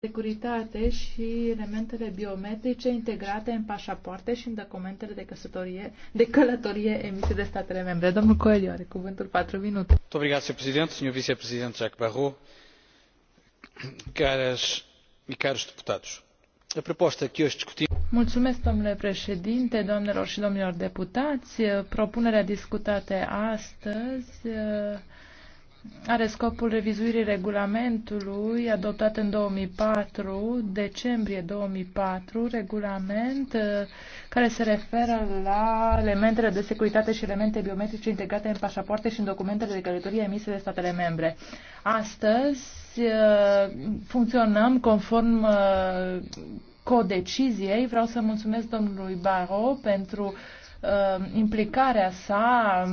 securitate și elementele biometrice integrate în pașapoarte și în documentele de, căsătorie, de călătorie emise de statele membre. Domnul Coelho are cuvântul 4 minute. Obrigado, Sr. Presidente, Sr. Vice-Presidente Jacques Barrot, caras e caros deputados. A proposta que hoje discutimos Mulțumesc, domnule președinte, doamnelor și domnilor deputați. Propunerea discutată astăzi are scopul revizuirii regulamentului adoptat în 2004, decembrie 2004, regulament uh, care se referă la elementele de securitate și elemente biometrice integrate în pașapoarte și în documentele de călătorie emise de statele membre. Astăzi uh, funcționăm conform uh, codeciziei. Vreau să mulțumesc domnului Baro pentru uh, Uh, implicarea sa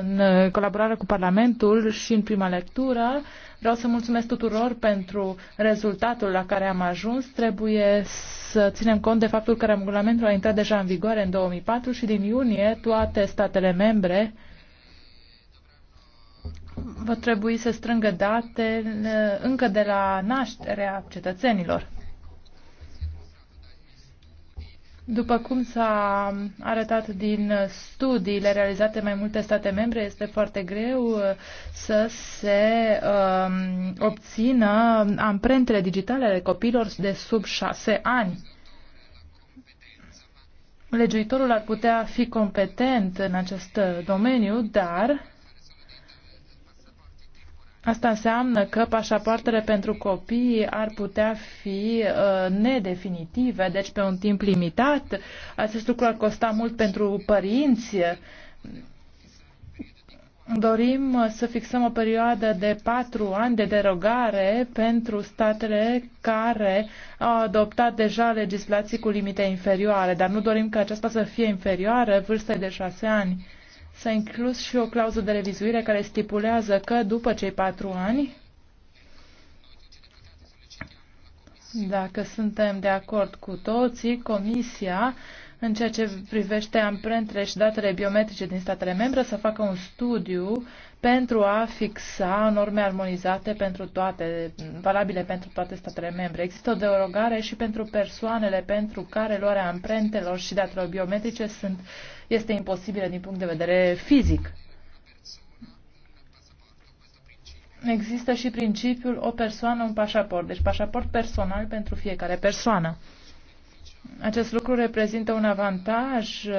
în colaborarea cu Parlamentul și în prima lectură. Vreau să mulțumesc tuturor pentru rezultatul la care am ajuns. Trebuie să ținem cont de faptul că regulamentul a intrat deja în vigoare în 2004 și din iunie toate statele membre vor trebui să strângă date uh, încă de la nașterea cetățenilor. După cum s-a arătat din studiile realizate mai multe state membre, este foarte greu uh, să se um, obțină amprentele digitale ale copiilor de sub șase ani. Legiuitorul ar putea fi competent în acest domeniu, dar Asta înseamnă că pașapoartele pentru copii ar putea fi uh, nedefinitive, deci pe un timp limitat. Acest lucru ar costa mult pentru părinți. Dorim uh, să fixăm o perioadă de patru ani de derogare pentru statele care au adoptat deja legislații cu limite inferioare, dar nu dorim ca aceasta să fie inferioară vârstei de șase ani. S-a inclus și o clauză de revizuire care stipulează că după cei patru ani, dacă suntem de acord cu toții, Comisia, în ceea ce privește amprentele și datele biometrice din statele membre, să facă un studiu pentru a fixa norme armonizate pentru toate, valabile pentru toate statele membre. Există o derogare și pentru persoanele pentru care luarea amprentelor și datelor biometrice sunt, este imposibilă din punct de vedere fizic. Există și principiul o persoană, un pașaport, deci pașaport personal pentru fiecare persoană. Acest lucru reprezintă un avantaj uh,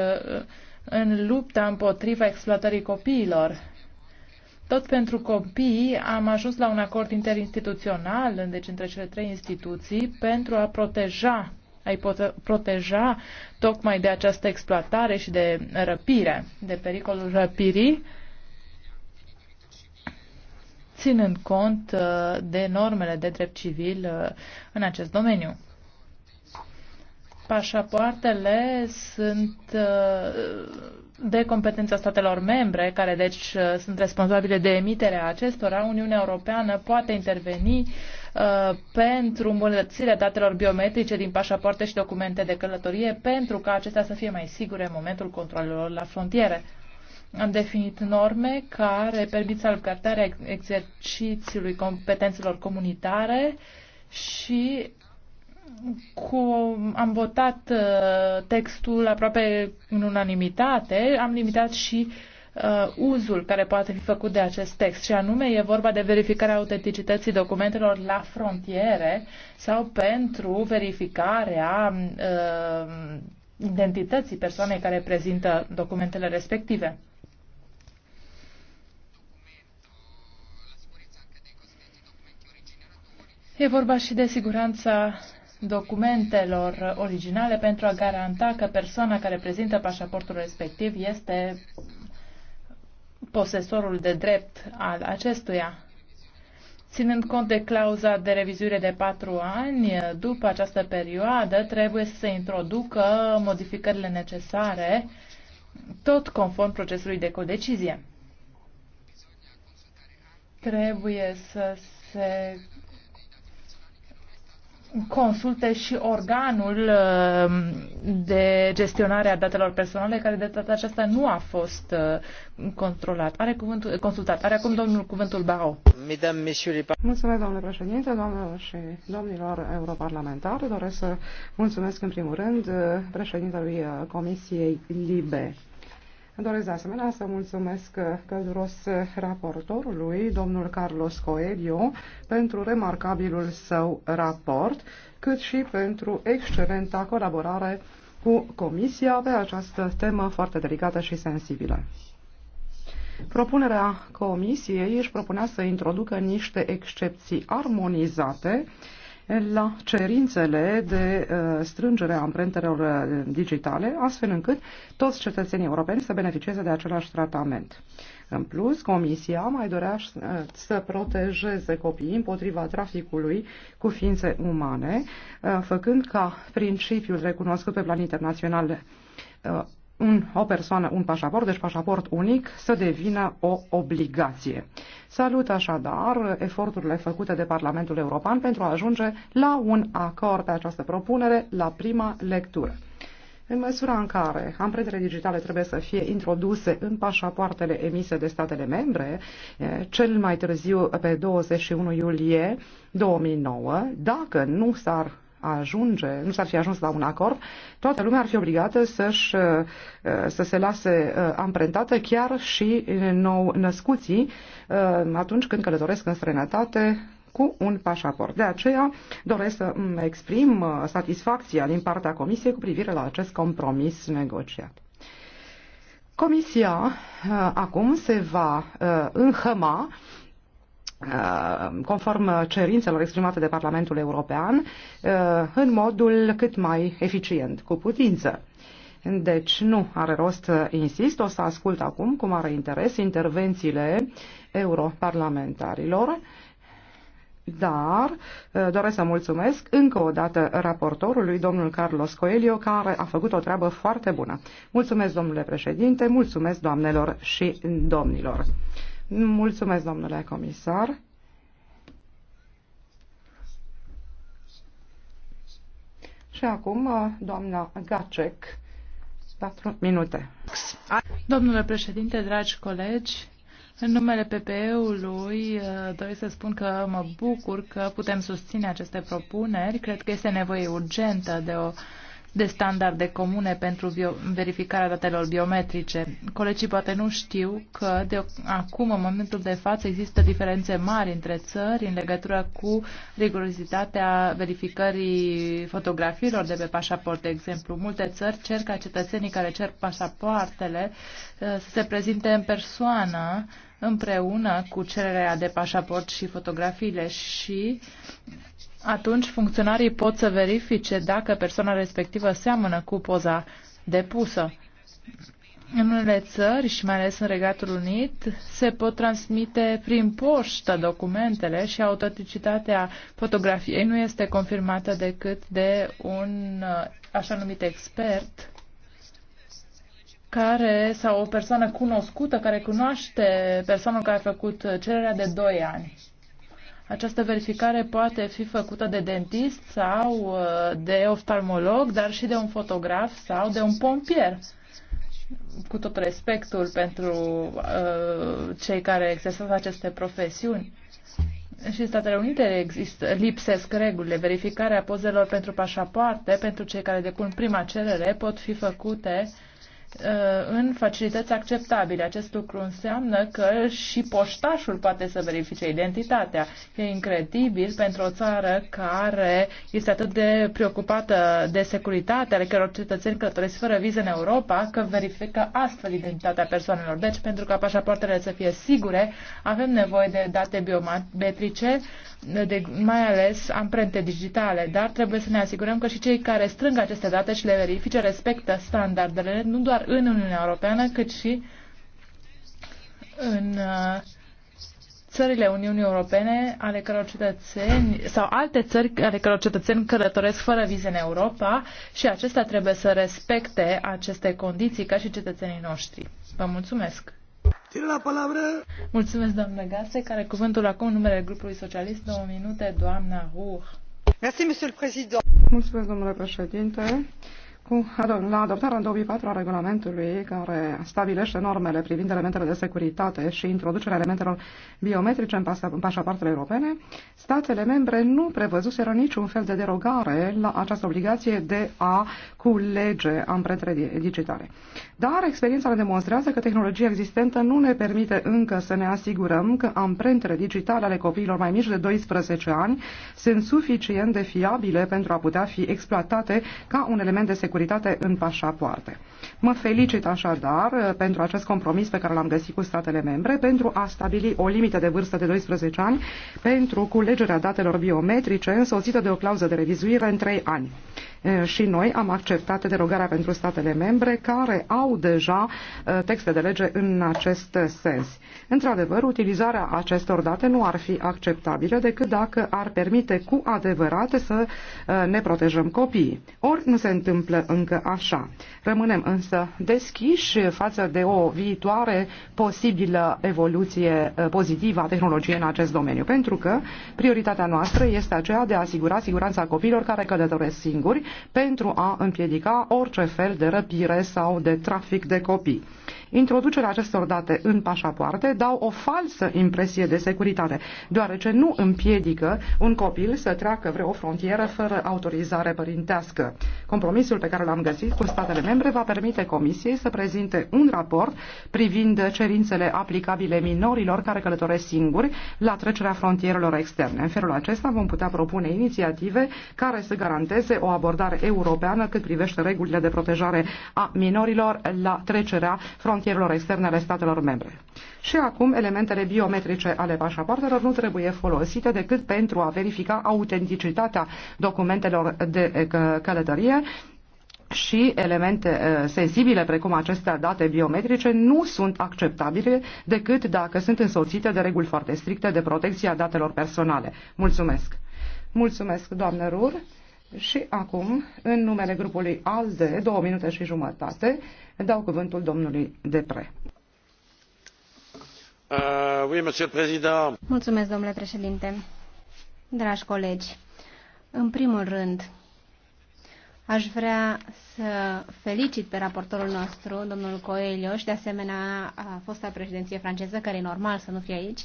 în lupta împotriva exploatării copiilor tot pentru copii am ajuns la un acord interinstituțional, deci între cele trei instituții, pentru a proteja ai proteja tocmai de această exploatare și de răpire, de pericolul răpirii, ținând cont uh, de normele de drept civil uh, în acest domeniu. Pașapoartele sunt uh, de competența statelor membre, care deci uh, sunt responsabile de emiterea acestora, Uniunea Europeană poate interveni uh, pentru îmbunătățirea datelor biometrice din pașapoarte și documente de călătorie pentru ca acestea să fie mai sigure în momentul controlelor la frontiere. Am definit norme care permit salvgardarea exercițiului competențelor comunitare și cu, am votat uh, textul aproape în unanimitate, am limitat și uh, uzul care poate fi făcut de acest text și anume e vorba de verificarea autenticității documentelor la frontiere sau pentru verificarea uh, identității persoanei care prezintă documentele respective. E vorba și de siguranța documentelor originale pentru a garanta că persoana care prezintă pașaportul respectiv este posesorul de drept al acestuia. Ținând cont de clauza de revizuire de patru ani, după această perioadă trebuie să se introducă modificările necesare, tot conform procesului de codecizie. Trebuie să se consulte și organul uh, de gestionare a datelor personale, care de data aceasta nu a fost uh, controlat. Are cuvântul, consultat. Are acum domnul cuvântul Barou. Mulțumesc, domnule președinte, domnilor și domnilor europarlamentari. Doresc să mulțumesc în primul rând președintelui uh, Comisiei Libe Doresc de asemenea să mulțumesc călduros raportorului, domnul Carlos Coelho, pentru remarcabilul său raport, cât și pentru excelenta colaborare cu Comisia pe această temă foarte delicată și sensibilă. Propunerea Comisiei își propunea să introducă niște excepții armonizate la cerințele de uh, strângere a amprentelor uh, digitale, astfel încât toți cetățenii europeni să beneficieze de același tratament. În plus, Comisia mai dorea uh, să protejeze copiii împotriva traficului cu ființe umane, făcând ca principiul recunoscut pe plan internațional un, o persoană un pașaport, deci pașaport unic, să devină o obligație. Salut așadar eforturile făcute de Parlamentul European pentru a ajunge la un acord pe această propunere la prima lectură. În măsura în care amprentele digitale trebuie să fie introduse în pașapoartele emise de statele membre, cel mai târziu pe 21 iulie 2009, dacă nu s-ar ajunge, nu s-ar fi ajuns la un acord, toată lumea ar fi obligată să-și, uh, să se lase uh, amprentată chiar și nou născuții uh, atunci când călătoresc în străinătate cu un pașaport. De aceea doresc să exprim satisfacția din partea Comisiei cu privire la acest compromis negociat. Comisia acum se va înhăma Uh, conform cerințelor exprimate de Parlamentul European, uh, în modul cât mai eficient, cu putință. Deci nu are rost, insist, o să ascult acum cu mare interes intervențiile europarlamentarilor, dar uh, doresc să mulțumesc încă o dată raportorului, domnul Carlos Coelho, care a făcut o treabă foarte bună. Mulțumesc, domnule președinte, mulțumesc doamnelor și domnilor. Mulțumesc, domnule comisar. Și acum, uh, doamna Gacek, 4 minute. Domnule președinte, dragi colegi, în numele PPE-ului uh, doresc să spun că mă bucur că putem susține aceste propuneri. Cred că este nevoie urgentă de o de standarde comune pentru bio- verificarea datelor biometrice. Colegii poate nu știu că de acum, în momentul de față, există diferențe mari între țări în legătură cu rigurozitatea verificării fotografiilor de pe pașaport, de exemplu. Multe țări cer ca cetățenii care cer pașapoartele uh, să se prezinte în persoană împreună cu cererea de pașaport și fotografiile și atunci funcționarii pot să verifice dacă persoana respectivă seamănă cu poza depusă. În unele țări, și mai ales în Regatul Unit, se pot transmite prin poștă documentele și autenticitatea fotografiei nu este confirmată decât de un așa numit expert care sau o persoană cunoscută care cunoaște persoana care a făcut cererea de 2 ani. Această verificare poate fi făcută de dentist sau uh, de oftalmolog, dar și de un fotograf sau de un pompier. Cu tot respectul pentru uh, cei care exersează aceste profesiuni. Și în Statele Unite există, lipsesc regulile. Verificarea pozelor pentru pașapoarte pentru cei care depun prima cerere pot fi făcute uh, Uh, în facilități acceptabile. Acest lucru înseamnă că și poștașul poate să verifice identitatea. E incredibil pentru o țară care este atât de preocupată de securitate ale căror cetățeni călătoresc fără vize în Europa, că verifică astfel identitatea persoanelor. Deci, pentru ca pașapoartele să fie sigure, avem nevoie de date biometrice, de, mai ales amprente digitale, dar trebuie să ne asigurăm că și cei care strâng aceste date și le verifice respectă standardele, nu doar în Uniunea Europeană, cât și în uh, țările Uniunii Europene ale căror cetățeni sau alte țări ale căror cetățeni călătoresc fără vize în Europa și acestea trebuie să respecte aceste condiții ca și cetățenii noștri. Vă mulțumesc! Tine la Mulțumesc, doamnă Gase, care cuvântul acum numele grupului socialist, două minute, doamna Hur. Mulțumesc, domnule președinte cu, la adoptarea în 2004 a regulamentului care stabilește normele privind elementele de securitate și introducerea elementelor biometrice în, pas, în pașapartele europene, statele membre nu prevăzuseră niciun fel de derogare la această obligație de a culege amprentele digitale. Dar experiența ne demonstrează că tehnologia existentă nu ne permite încă să ne asigurăm că amprentele digitale ale copiilor mai mici de 12 ani sunt suficient de fiabile pentru a putea fi exploatate ca un element de securitate securitate în pașapoarte. Mă felicit așadar uh, pentru acest compromis pe care l-am găsit cu statele membre pentru a stabili o limită de vârstă de 12 ani pentru culegerea datelor biometrice însoțită de o clauză de revizuire în 3 ani și noi am acceptat derogarea pentru statele membre care au deja texte de lege în acest sens. Într-adevăr, utilizarea acestor date nu ar fi acceptabilă decât dacă ar permite cu adevărat să ne protejăm copiii. Ori nu se întâmplă încă așa. Rămânem însă deschiși față de o viitoare posibilă evoluție pozitivă a tehnologiei în acest domeniu, pentru că prioritatea noastră este aceea de a asigura siguranța copiilor care călătoresc singuri pentru a împiedica orice fel de răpire sau de trafic de copii. Introducerea acestor date în pașapoarte dau o falsă impresie de securitate, deoarece nu împiedică un copil să treacă vreo frontieră fără autorizare părintească. Compromisul pe care l-am găsit cu statele membre va permite Comisiei să prezinte un raport privind cerințele aplicabile minorilor care călătoresc singuri la trecerea frontierelor externe. În felul acesta vom putea propune inițiative care să garanteze o abordare europeană cât privește regulile de protejare a minorilor la trecerea frontierelor frontierelor externe ale statelor membre. Și acum, elementele biometrice ale pașapoartelor nu trebuie folosite decât pentru a verifica autenticitatea documentelor de călătorie, și elemente sensibile precum aceste date biometrice nu sunt acceptabile decât dacă sunt însoțite de reguli foarte stricte de protecție a datelor personale. Mulțumesc! Mulțumesc, doamnă Rur! Și acum, în numele grupului ALDE, două minute și jumătate, dau cuvântul domnului Depre. Uh, oui, Mulțumesc, domnule președinte. Dragi colegi, în primul rând, Aș vrea să felicit pe raportorul nostru, domnul Coelho, și de asemenea a fosta președinție franceză, care e normal să nu fie aici,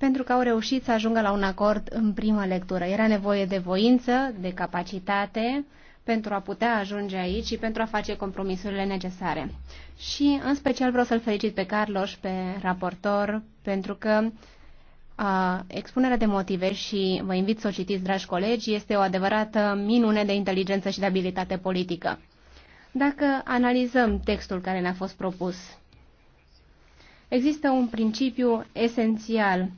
pentru că au reușit să ajungă la un acord în prima lectură. Era nevoie de voință, de capacitate pentru a putea ajunge aici și pentru a face compromisurile necesare. Și în special vreau să-l felicit pe Carlos, pe raportor, pentru că a, expunerea de motive și vă invit să o citiți, dragi colegi, este o adevărată minune de inteligență și de abilitate politică. Dacă analizăm textul care ne-a fost propus, există un principiu esențial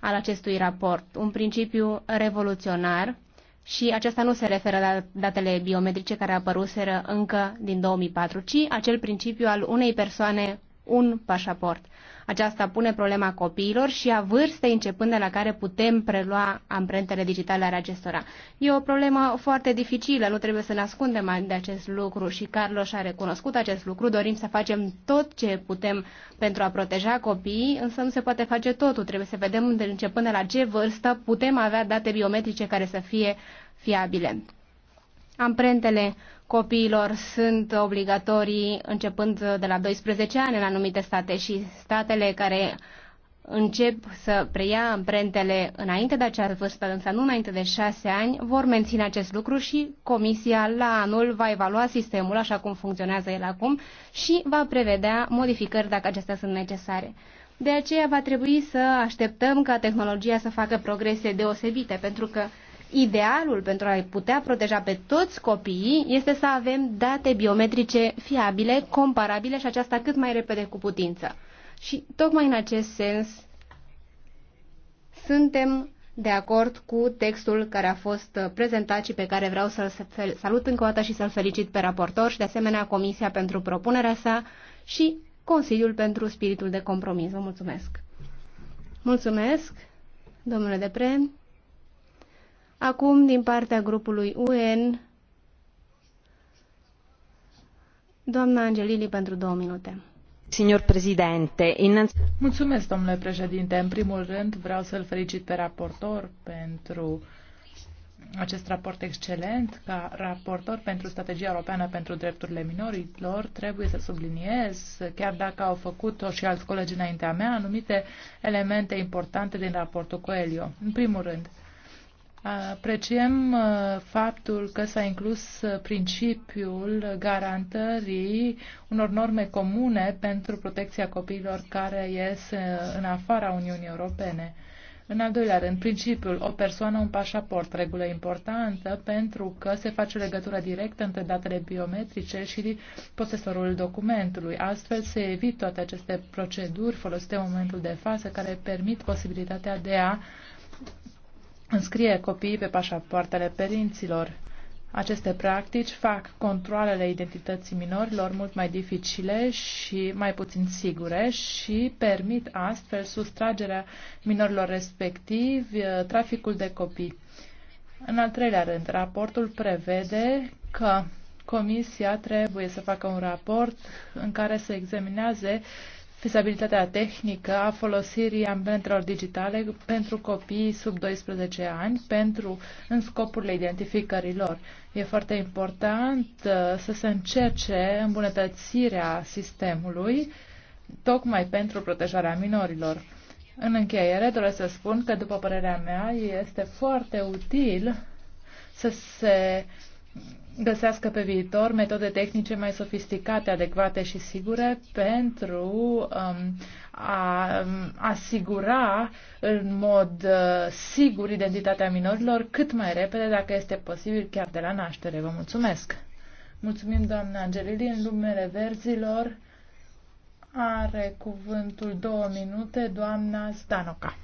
al acestui raport, un principiu revoluționar și acesta nu se referă la datele biometrice care apăruseră încă din 2004, ci acel principiu al unei persoane, un pașaport. Aceasta pune problema copiilor și a vârstei începând de la care putem prelua amprentele digitale ale acestora. E o problemă foarte dificilă, nu trebuie să ne ascundem de acest lucru și Carlos a recunoscut acest lucru. Dorim să facem tot ce putem pentru a proteja copiii, însă nu se poate face totul. Trebuie să vedem de începând de la ce vârstă putem avea date biometrice care să fie fiabile. Amprentele copiilor sunt obligatorii începând de la 12 ani în anumite state și statele care încep să preia amprentele înainte de acea vârstă, însă nu înainte de șase ani, vor menține acest lucru și comisia la anul va evalua sistemul așa cum funcționează el acum și va prevedea modificări dacă acestea sunt necesare. De aceea va trebui să așteptăm ca tehnologia să facă progrese deosebite, pentru că Idealul pentru a-i putea proteja pe toți copiii este să avem date biometrice fiabile, comparabile și aceasta cât mai repede cu putință. Și tocmai în acest sens suntem de acord cu textul care a fost prezentat și pe care vreau să-l salut încă o dată și să-l felicit pe raportor și de asemenea Comisia pentru propunerea sa și Consiliul pentru spiritul de compromis. Vă mulțumesc! Mulțumesc, domnule Depre. Acum, din partea grupului UN, doamna Angelili pentru două minute. Signor Presidente, innanzi... Mulțumesc, domnule președinte. În primul rând, vreau să-l felicit pe raportor pentru acest raport excelent. Ca raportor pentru strategia europeană pentru drepturile minorilor, trebuie să subliniez, chiar dacă au făcut-o și alți colegi înaintea mea, anumite elemente importante din raportul Coelio. În primul rând, Apreciem uh, faptul că s-a inclus uh, principiul garantării unor norme comune pentru protecția copiilor care ies uh, în afara Uniunii Europene. În al doilea rând, principiul o persoană, un pașaport, regulă importantă pentru că se face legătura directă între datele biometrice și posesorul documentului. Astfel se evit toate aceste proceduri folosite în momentul de față care permit posibilitatea de a uh, înscrie copiii pe pașapoartele părinților. Aceste practici fac controlele identității minorilor mult mai dificile și mai puțin sigure și permit astfel sustragerea minorilor respectivi, uh, traficul de copii. În al treilea rând, raportul prevede că Comisia trebuie să facă un raport în care să examineze uh, fezabilitatea tehnică a folosirii ambientelor digitale pentru copiii sub 12 ani pentru în scopurile identificării lor. E foarte important uh, să se încerce îmbunătățirea sistemului tocmai pentru protejarea minorilor. În încheiere doresc să spun că, după părerea mea, este foarte util să se găsească pe viitor metode tehnice mai sofisticate, adecvate și sigure pentru um, a um, asigura în mod uh, sigur identitatea minorilor cât mai repede, dacă este posibil, chiar de la naștere. Vă mulțumesc! Mulțumim, doamna Angelili, în lumele verzilor. Are cuvântul două minute doamna Stanoca.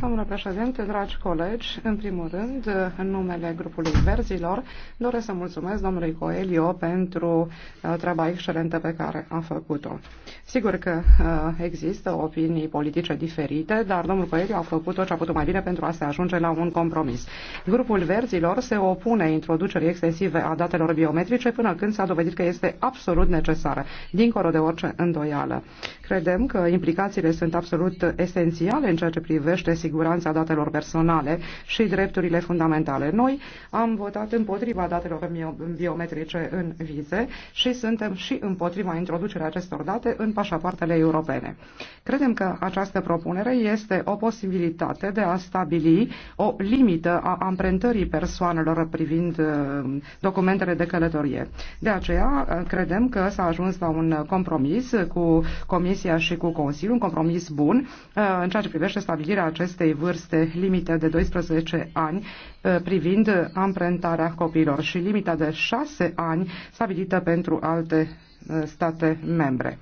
Domnule președinte, dragi colegi, în primul rând, în numele grupului Verzilor, doresc să mulțumesc domnului Coelho pentru uh, treaba excelentă pe care a făcut-o. Sigur că uh, există opinii politice diferite, dar domnul Coelho a făcut tot ce a putut mai bine pentru a se ajunge la un compromis. Grupul Verzilor se opune introducerii excesive a datelor biometrice până când s-a dovedit că este absolut necesară, dincolo de orice îndoială. Credem că implicațiile sunt absolut esențiale în ceea ce privește siguranța datelor personale și drepturile fundamentale. Noi am votat împotriva datelor biometrice în vize și suntem și împotriva introducerea acestor date în pașapoartele europene. Credem că această propunere este o posibilitate de a stabili o limită a amprentării persoanelor privind uh, documentele de călătorie. De aceea, uh, credem că s-a ajuns la un compromis cu Comisia Comisia și cu Consiliul, un compromis bun uh, în ceea ce privește stabilirea acestei vârste limite de 12 ani uh, privind amprentarea copilor și limita de 6 ani stabilită pentru alte uh, state membre.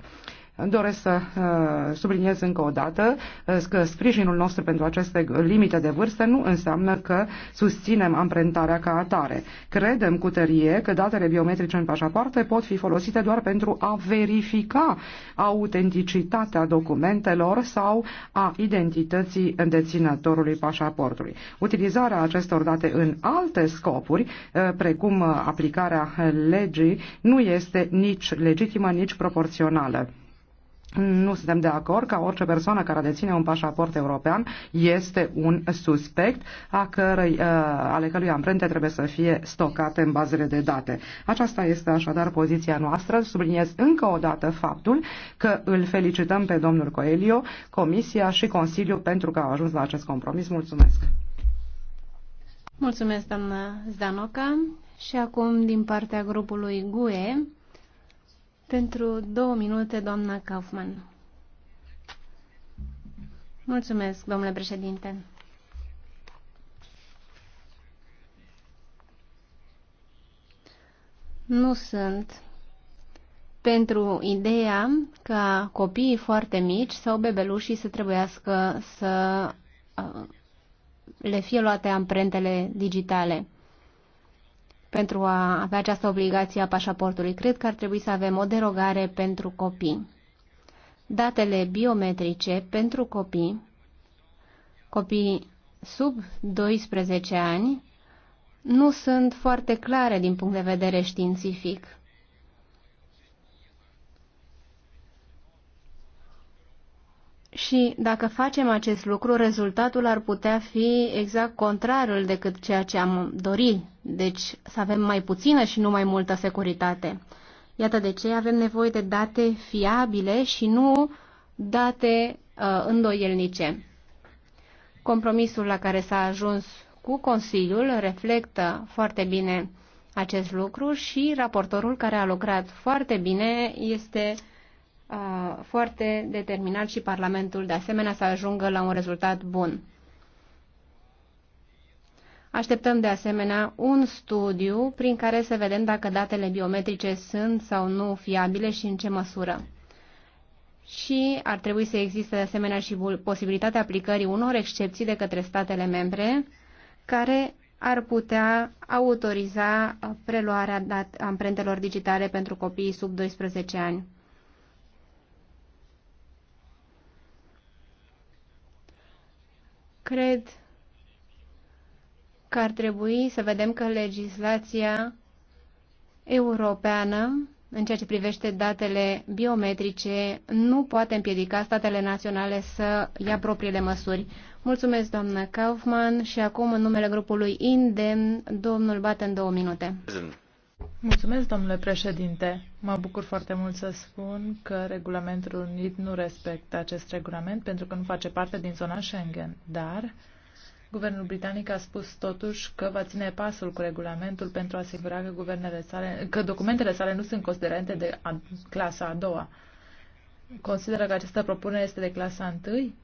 Doresc să uh, subliniez încă o dată uh, că sprijinul nostru pentru aceste limite de vârstă nu înseamnă că susținem amprentarea ca atare. Credem cu tărie că datele biometrice în pașapoarte pot fi folosite doar pentru a verifica autenticitatea documentelor sau a identității deținătorului pașaportului. Utilizarea acestor date în alte scopuri, uh, precum aplicarea legii, nu este nici legitimă, nici proporțională nu suntem de acord ca orice persoană care deține un pașaport european este un suspect a cărei, uh, ale cărui amprente trebuie să fie stocate în bazele de date. Aceasta este așadar poziția noastră. Subliniez încă o dată faptul că îl felicităm pe domnul Coelio, Comisia și Consiliul pentru că au ajuns la acest compromis. Mulțumesc! Mulțumesc, doamnă Zdanoca. Și acum, din partea grupului GUE, pentru două minute, doamna Kaufman. Mulțumesc, domnule președinte. Nu sunt pentru ideea ca copiii foarte mici sau bebelușii să trebuiască să uh, le fie luate amprentele digitale pentru a avea această obligație a pașaportului. Cred că ar trebui să avem o derogare pentru copii. Datele biometrice pentru copii, copii sub 12 ani, nu sunt foarte clare din punct de vedere științific. Și dacă facem acest lucru, rezultatul ar putea fi exact contrarul decât ceea ce am dorit. Deci să avem mai puțină și nu mai multă securitate. Iată de ce avem nevoie de date fiabile și nu date uh, îndoielnice. Compromisul la care s-a ajuns cu Consiliul reflectă foarte bine acest lucru și raportorul care a lucrat foarte bine este Uh, foarte determinat și Parlamentul de asemenea să ajungă la un rezultat bun. Așteptăm de asemenea un studiu prin care să vedem dacă datele biometrice sunt sau nu fiabile și în ce măsură. Și ar trebui să existe de asemenea și posibilitatea aplicării unor excepții de către statele membre care ar putea autoriza preluarea amprentelor digitale pentru copiii sub 12 ani. Cred că ar trebui să vedem că legislația europeană în ceea ce privește datele biometrice nu poate împiedica statele naționale să ia propriile măsuri. Mulțumesc, doamnă Kaufman, și acum, în numele grupului INDEM, domnul Baten, două minute. Prezent. Mulțumesc, domnule președinte. Mă bucur foarte mult să spun că regulamentul unit nu respectă acest regulament pentru că nu face parte din zona Schengen, dar Guvernul britanic a spus totuși că va ține pasul cu regulamentul pentru a asigura că, guvernele sale, că documentele sale nu sunt considerente de a, clasa a doua. Consideră că această propunere este de clasa întâi?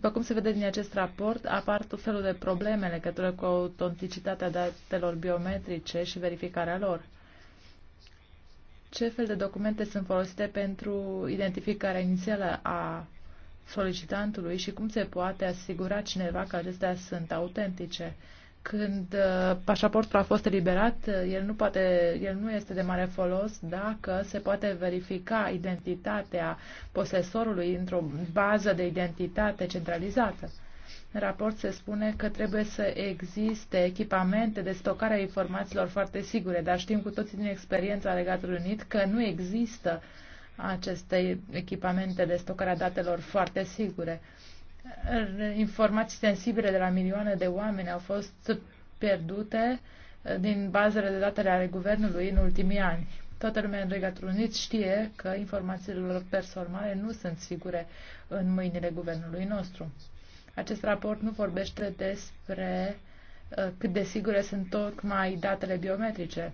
După cum se vede din acest raport, apar tot felul de probleme legătură cu autenticitatea datelor biometrice și verificarea lor. Ce fel de documente sunt folosite pentru identificarea inițială a solicitantului și cum se poate asigura cineva că acestea sunt autentice? când uh, pașaportul a fost eliberat, uh, el nu, poate, el nu este de mare folos dacă se poate verifica identitatea posesorului într-o bază de identitate centralizată. În raport se spune că trebuie să existe echipamente de stocare a informațiilor foarte sigure, dar știm cu toții din experiența Regatului Unit că nu există aceste echipamente de stocare a datelor foarte sigure informații sensibile de la milioane de oameni au fost pierdute uh, din bazele de date ale guvernului în ultimii ani. Toată lumea în Regatul Unit știe că informațiile lor personale nu sunt sigure în mâinile guvernului nostru. Acest raport nu vorbește despre uh, cât de sigure sunt tocmai datele biometrice.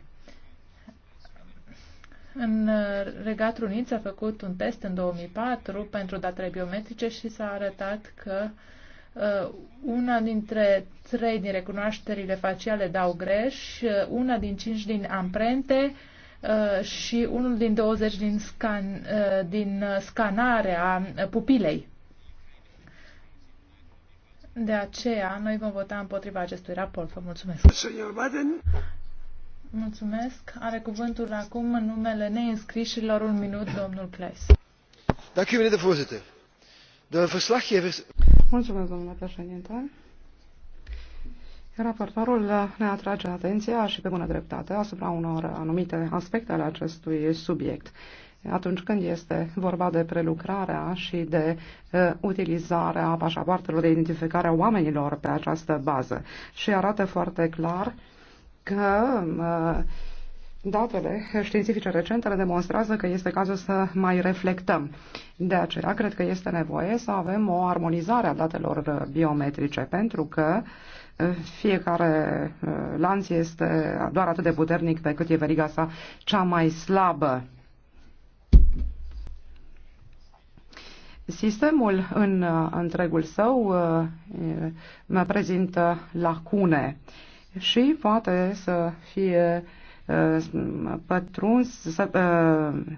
În uh, Regatul Unit s-a făcut un test în 2004 pentru datele biometrice și s-a arătat că uh, una dintre trei din recunoașterile faciale dau greș, uh, una din cinci din amprente și unul din 20 din, scan, din scanarea pupilei. De aceea, noi vom vota împotriva acestui raport. Vă mulțumesc. Mulțumesc. Are cuvântul acum în numele neinscrișilor un minut, domnul Kleis. Dank u, meneer de voorzitter. De verslaggevers... Mulțumesc, domnule președinte. Raportorul ne atrage atenția și pe bună dreptate asupra unor anumite aspecte ale acestui subiect atunci când este vorba de prelucrarea și de uh, utilizarea pașapoartelor de identificare a oamenilor pe această bază. Și arată foarte clar uh, că datele științifice recente le demonstrează că este cazul să mai reflectăm. De aceea, cred că este nevoie să avem o armonizare a datelor biometrice, pentru că eh, fiecare eh, lanț este doar atât de puternic pe cât e veriga sa cea mai slabă. Sistemul în eh, întregul său prezintă lacune și poate să fie uh, pătruns să, uh,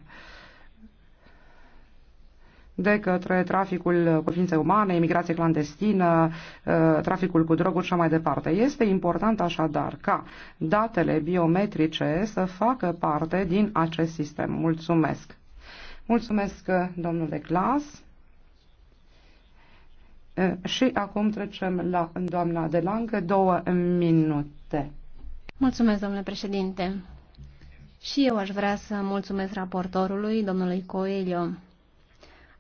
de către traficul cu ființe umane, imigrație clandestină, uh, traficul cu droguri și mai departe. Este important așadar ca datele biometrice să facă parte din acest sistem. Mulțumesc! Mulțumesc, domnule Clas! Și acum trecem la doamna langă două minute. Mulțumesc, domnule președinte. Și eu aș vrea să mulțumesc raportorului, domnului Coelho.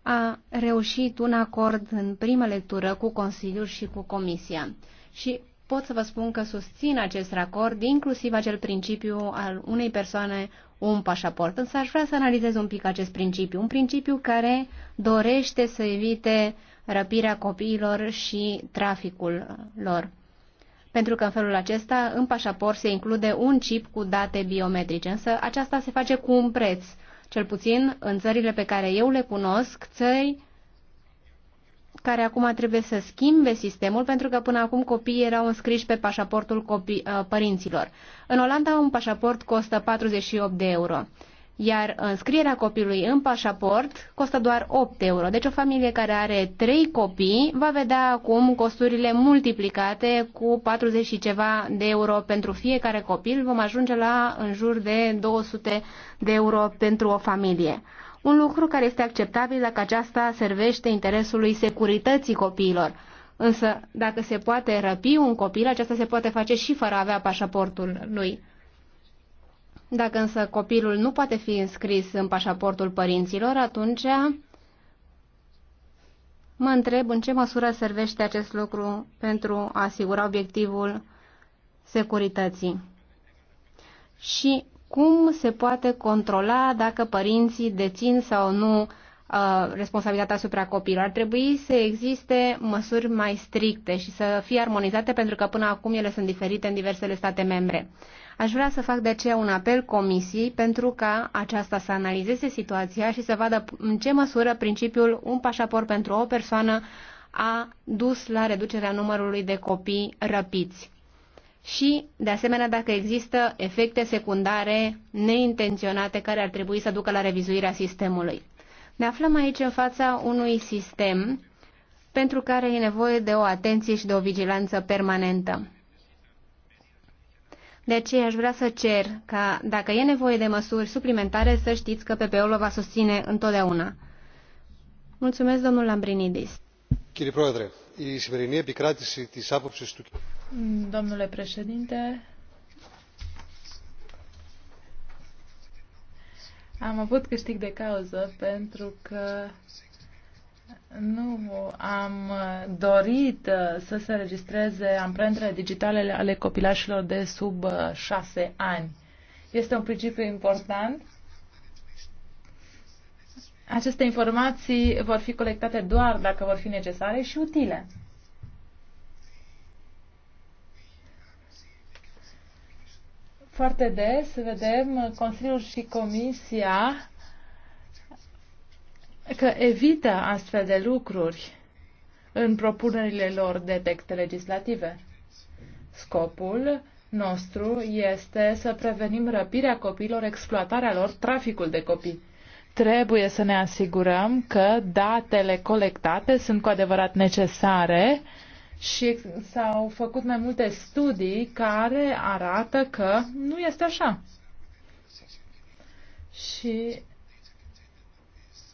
A reușit un acord în prima lectură cu Consiliul și cu Comisia. Și pot să vă spun că susțin acest acord, inclusiv acel principiu al unei persoane un pașaport. Însă aș vrea să analizez un pic acest principiu. Un principiu care dorește să evite uh, răpirea copiilor și traficul lor. Pentru că în felul acesta, în pașaport se include un chip cu date biometrice, însă aceasta se face cu un preț, cel puțin în țările pe care eu le cunosc, țări care acum trebuie să schimbe sistemul pentru că până acum copiii erau înscriși pe pașaportul copii, uh, părinților. În Olanda un pașaport costă 48 de euro iar înscrierea copilului în pașaport costă doar 8 euro. Deci o familie care are 3 copii va vedea acum costurile multiplicate cu 40 și ceva de euro pentru fiecare copil. Vom ajunge la în jur de 200 de euro pentru o familie. Un lucru care este acceptabil dacă aceasta servește interesului securității copiilor. Însă, dacă se poate răpi un copil, aceasta se poate face și fără a avea pașaportul lui. Dacă însă copilul nu poate fi înscris în pașaportul părinților, atunci mă întreb în ce măsură servește acest lucru pentru a asigura obiectivul securității. Și cum se poate controla dacă părinții dețin sau nu Uh, responsabilitatea asupra copiilor. Ar trebui să existe măsuri mai stricte și să fie armonizate pentru că până acum ele sunt diferite în diversele state membre. Aș vrea să fac de aceea un apel comisiei pentru ca aceasta să analizeze situația și să vadă în ce măsură principiul un pașaport pentru o persoană a dus la reducerea numărului de copii răpiți și, de asemenea, dacă există efecte secundare neintenționate care ar trebui să ducă la revizuirea sistemului. Ne aflăm aici în fața unui sistem pentru care e nevoie de o atenție și de o vigilanță permanentă. De aceea aș vrea să cer ca, dacă e nevoie de măsuri suplimentare, să știți că PPO-ul o va susține întotdeauna. Mulțumesc, domnul Lambrinidis. Domnule președinte, Am avut câștig de cauză pentru că nu am dorit uh, să se registreze amprentele digitale ale copilașilor de sub uh, șase ani. Este un principiu important. Aceste informații vor fi colectate doar dacă vor fi necesare și utile. Foarte des vedem uh, Consiliul și Comisia că evită astfel de lucruri în propunerile lor de texte legislative. Scopul nostru este să prevenim răpirea copiilor, exploatarea lor, traficul de copii. Trebuie să ne asigurăm că datele colectate sunt cu adevărat necesare și s-au făcut mai multe studii care arată că nu este așa. Și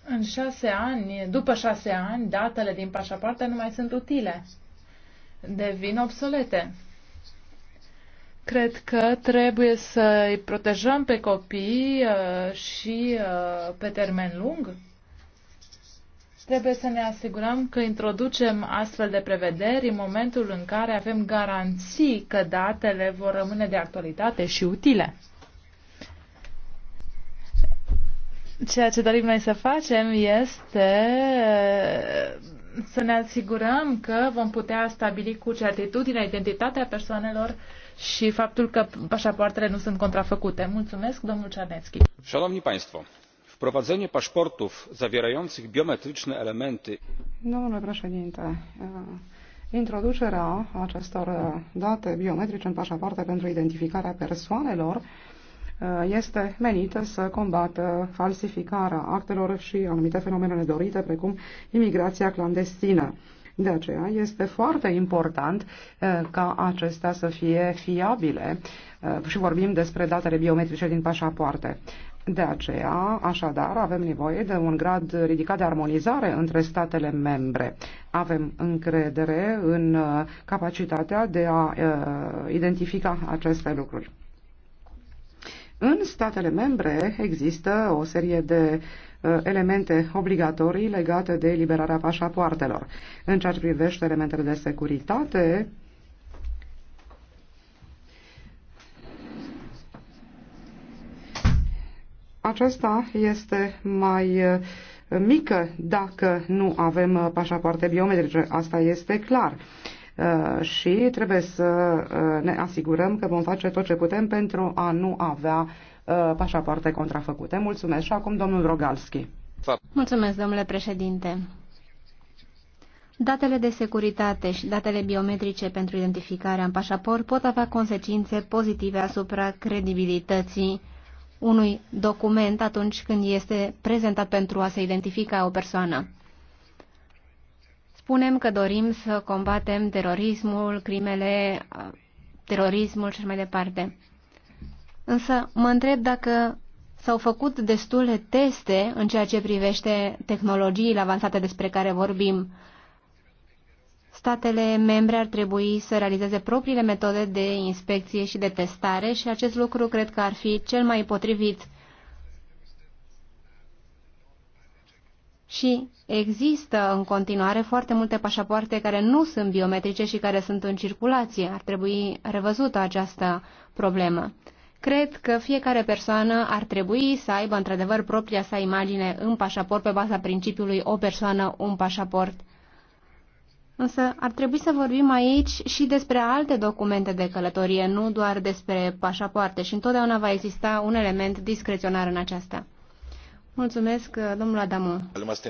în șase ani, după șase ani, datele din pașapoarte nu mai sunt utile. Devin obsolete. Cred că trebuie să îi protejăm pe copii uh, și uh, pe termen lung Trebuie să ne asigurăm că introducem astfel de prevederi în momentul în care avem garanții că datele vor rămâne de actualitate și utile. Ceea ce dorim noi să facem este să ne asigurăm că vom putea stabili cu certitudine identitatea persoanelor și faptul că pașapoartele nu sunt contrafăcute. Mulțumesc, domnul Cernețchi. Șalomni Państwo, wprowadzenie paszportów zawierających biometryczne elementy Domnule președinte, introducerea acestor date biometrice în pașapoarte pentru identificarea persoanelor este menită să combată falsificarea actelor și anumite fenomene nedorite, precum imigrația clandestină. De aceea este foarte important ca acestea să fie fiabile și vorbim despre datele biometrice din pașapoarte. De aceea, așadar, avem nevoie de un grad ridicat de armonizare între statele membre. Avem încredere în uh, capacitatea de a uh, identifica aceste lucruri. În statele membre există o serie de uh, elemente obligatorii legate de eliberarea pașapoartelor. În ceea ce privește elementele de securitate, aceasta este mai eh, mică dacă nu avem eh, pașapoarte biometrice. Asta este clar eh, și trebuie să ne asigurăm că vom face tot ce putem pentru a nu avea pașapoarte contrafăcute. Mulțumesc și acum domnul Rogalski. Mulțumesc, domnule președinte. Datele de securitate și datele biometrice pentru identificarea în pașaport pot avea consecințe pozitive asupra credibilității unui document atunci când este prezentat pentru a se identifica o persoană. Spunem că dorim să combatem terorismul, crimele, terorismul și mai departe. Însă mă întreb dacă s-au făcut destule teste în ceea ce privește tehnologiile avansate despre care vorbim Statele membre ar trebui să realizeze propriile metode de inspecție și de testare și acest lucru cred că ar fi cel mai potrivit. Și există în continuare foarte multe pașapoarte care nu sunt biometrice și care sunt în circulație. Ar trebui revăzută această problemă. Cred că fiecare persoană ar trebui să aibă într-adevăr propria sa imagine în pașaport pe baza principiului o persoană, un pașaport. Însă ar trebui să vorbim aici și despre alte documente de călătorie, nu doar despre pașapoarte și întotdeauna va exista un element discreționar în aceasta. Mulțumesc, uh, domnul Adamu. Mulțumesc,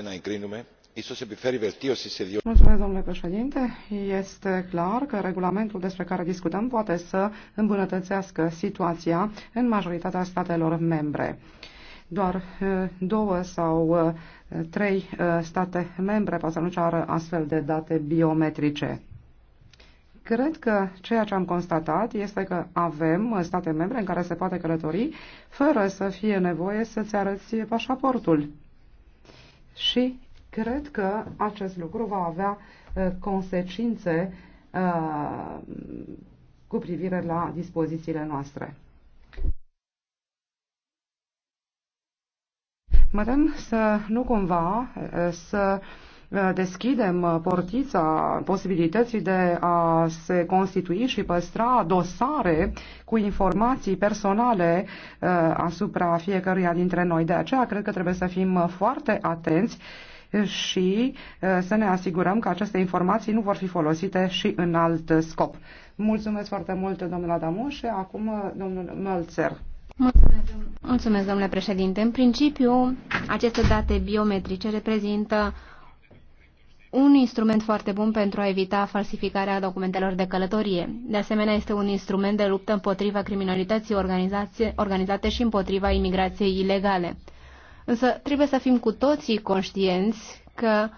domnule președinte. Este clar că regulamentul despre care discutăm poate să îmbunătățească situația în majoritatea statelor membre. Doar două sau trei state membre pot să nu ceară astfel de date biometrice. Cred că ceea ce am constatat este că avem state membre în care se poate călători fără să fie nevoie să-ți arăți pașaportul. Și cred că acest lucru va avea consecințe cu privire la dispozițiile noastre. Mă tem să nu cumva să deschidem portița posibilității de a se constitui și păstra dosare cu informații personale asupra fiecăruia dintre noi. De aceea cred că trebuie să fim foarte atenți și să ne asigurăm că aceste informații nu vor fi folosite și în alt scop. Mulțumesc foarte mult, domnul Adamu, și acum domnul Mălțer. Mulțumesc, domnule președinte. În principiu, aceste date biometrice reprezintă un instrument foarte bun pentru a evita falsificarea documentelor de călătorie. De asemenea, este un instrument de luptă împotriva criminalității organizate și împotriva imigrației ilegale. Însă trebuie să fim cu toții conștienți că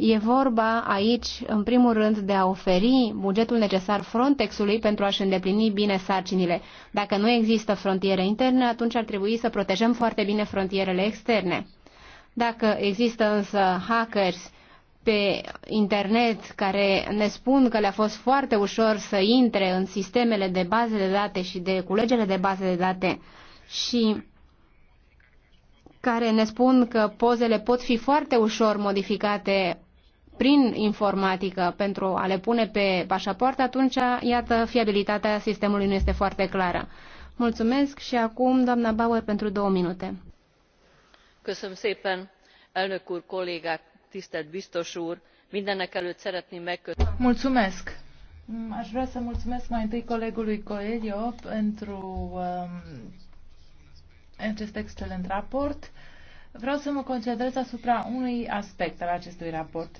E vorba aici, în primul rând, de a oferi bugetul necesar Frontexului pentru a-și îndeplini bine sarcinile. Dacă nu există frontiere interne, atunci ar trebui să protejăm foarte bine frontierele externe. Dacă există însă hackers pe internet care ne spun că le-a fost foarte ușor să intre în sistemele de baze de date și de culegere de baze de date și care ne spun că pozele pot fi foarte ușor modificate prin informatică pentru a le pune pe pașaport, atunci, iată, fiabilitatea sistemului nu este foarte clară. Mulțumesc și acum, doamna Bauer, pentru două minute. Köszönöm szépen, elnök úr, kollégák, tisztelt biztos úr! Mindenek előtt szeretném megköszönni. Mulțumesc! Aș vrea să mulțumesc mai întâi colegului Coelho pentru um, acest excelent raport. Vreau să mă concentrez asupra unui aspect al acestui raport.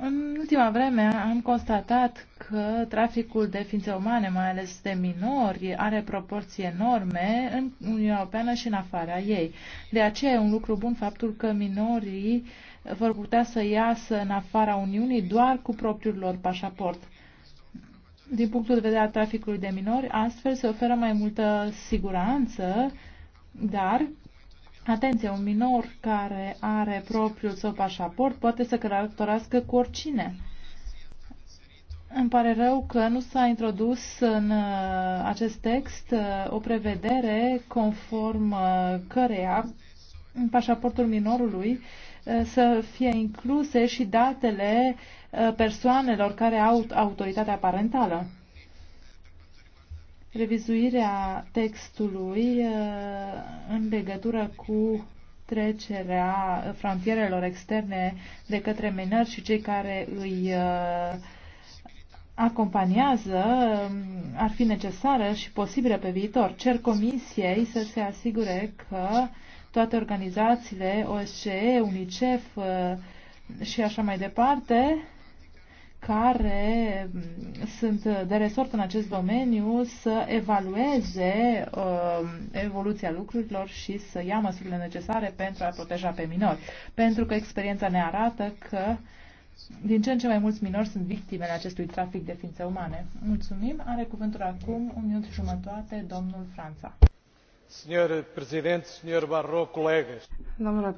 În ultima vreme am constatat că traficul de ființe umane, mai ales de minori, are proporții enorme în Uniunea Europeană și în afara ei. De aceea e un lucru bun faptul că minorii vor putea să iasă în afara Uniunii doar cu propriul lor pașaport. Din punctul de vedere al traficului de minori, astfel se oferă mai multă siguranță, dar Atenție, un minor care are propriul său pașaport poate să călătorească cu oricine. Îmi pare rău că nu s-a introdus în uh, acest text uh, o prevedere conform uh, căreia în pașaportul minorului să fie incluse și datele persoanelor care au autoritatea parentală revizuirea textului uh, în legătură cu trecerea frontierelor externe de către minări și cei care îi uh, acompaniază um, ar fi necesară și posibilă pe viitor. Cer comisiei să se asigure că toate organizațiile OSCE, UNICEF uh, și așa mai departe care mm, sunt de resort în acest domeniu să evalueze uh, evoluția lucrurilor și să ia măsurile necesare pentru a proteja pe minori. Pentru că experiența ne arată că din ce în ce mai mulți minori sunt victimele acestui trafic de ființe umane. Mulțumim. Are cuvântul acum un minut și jumătate domnul Franța. Domnule președinte, domnule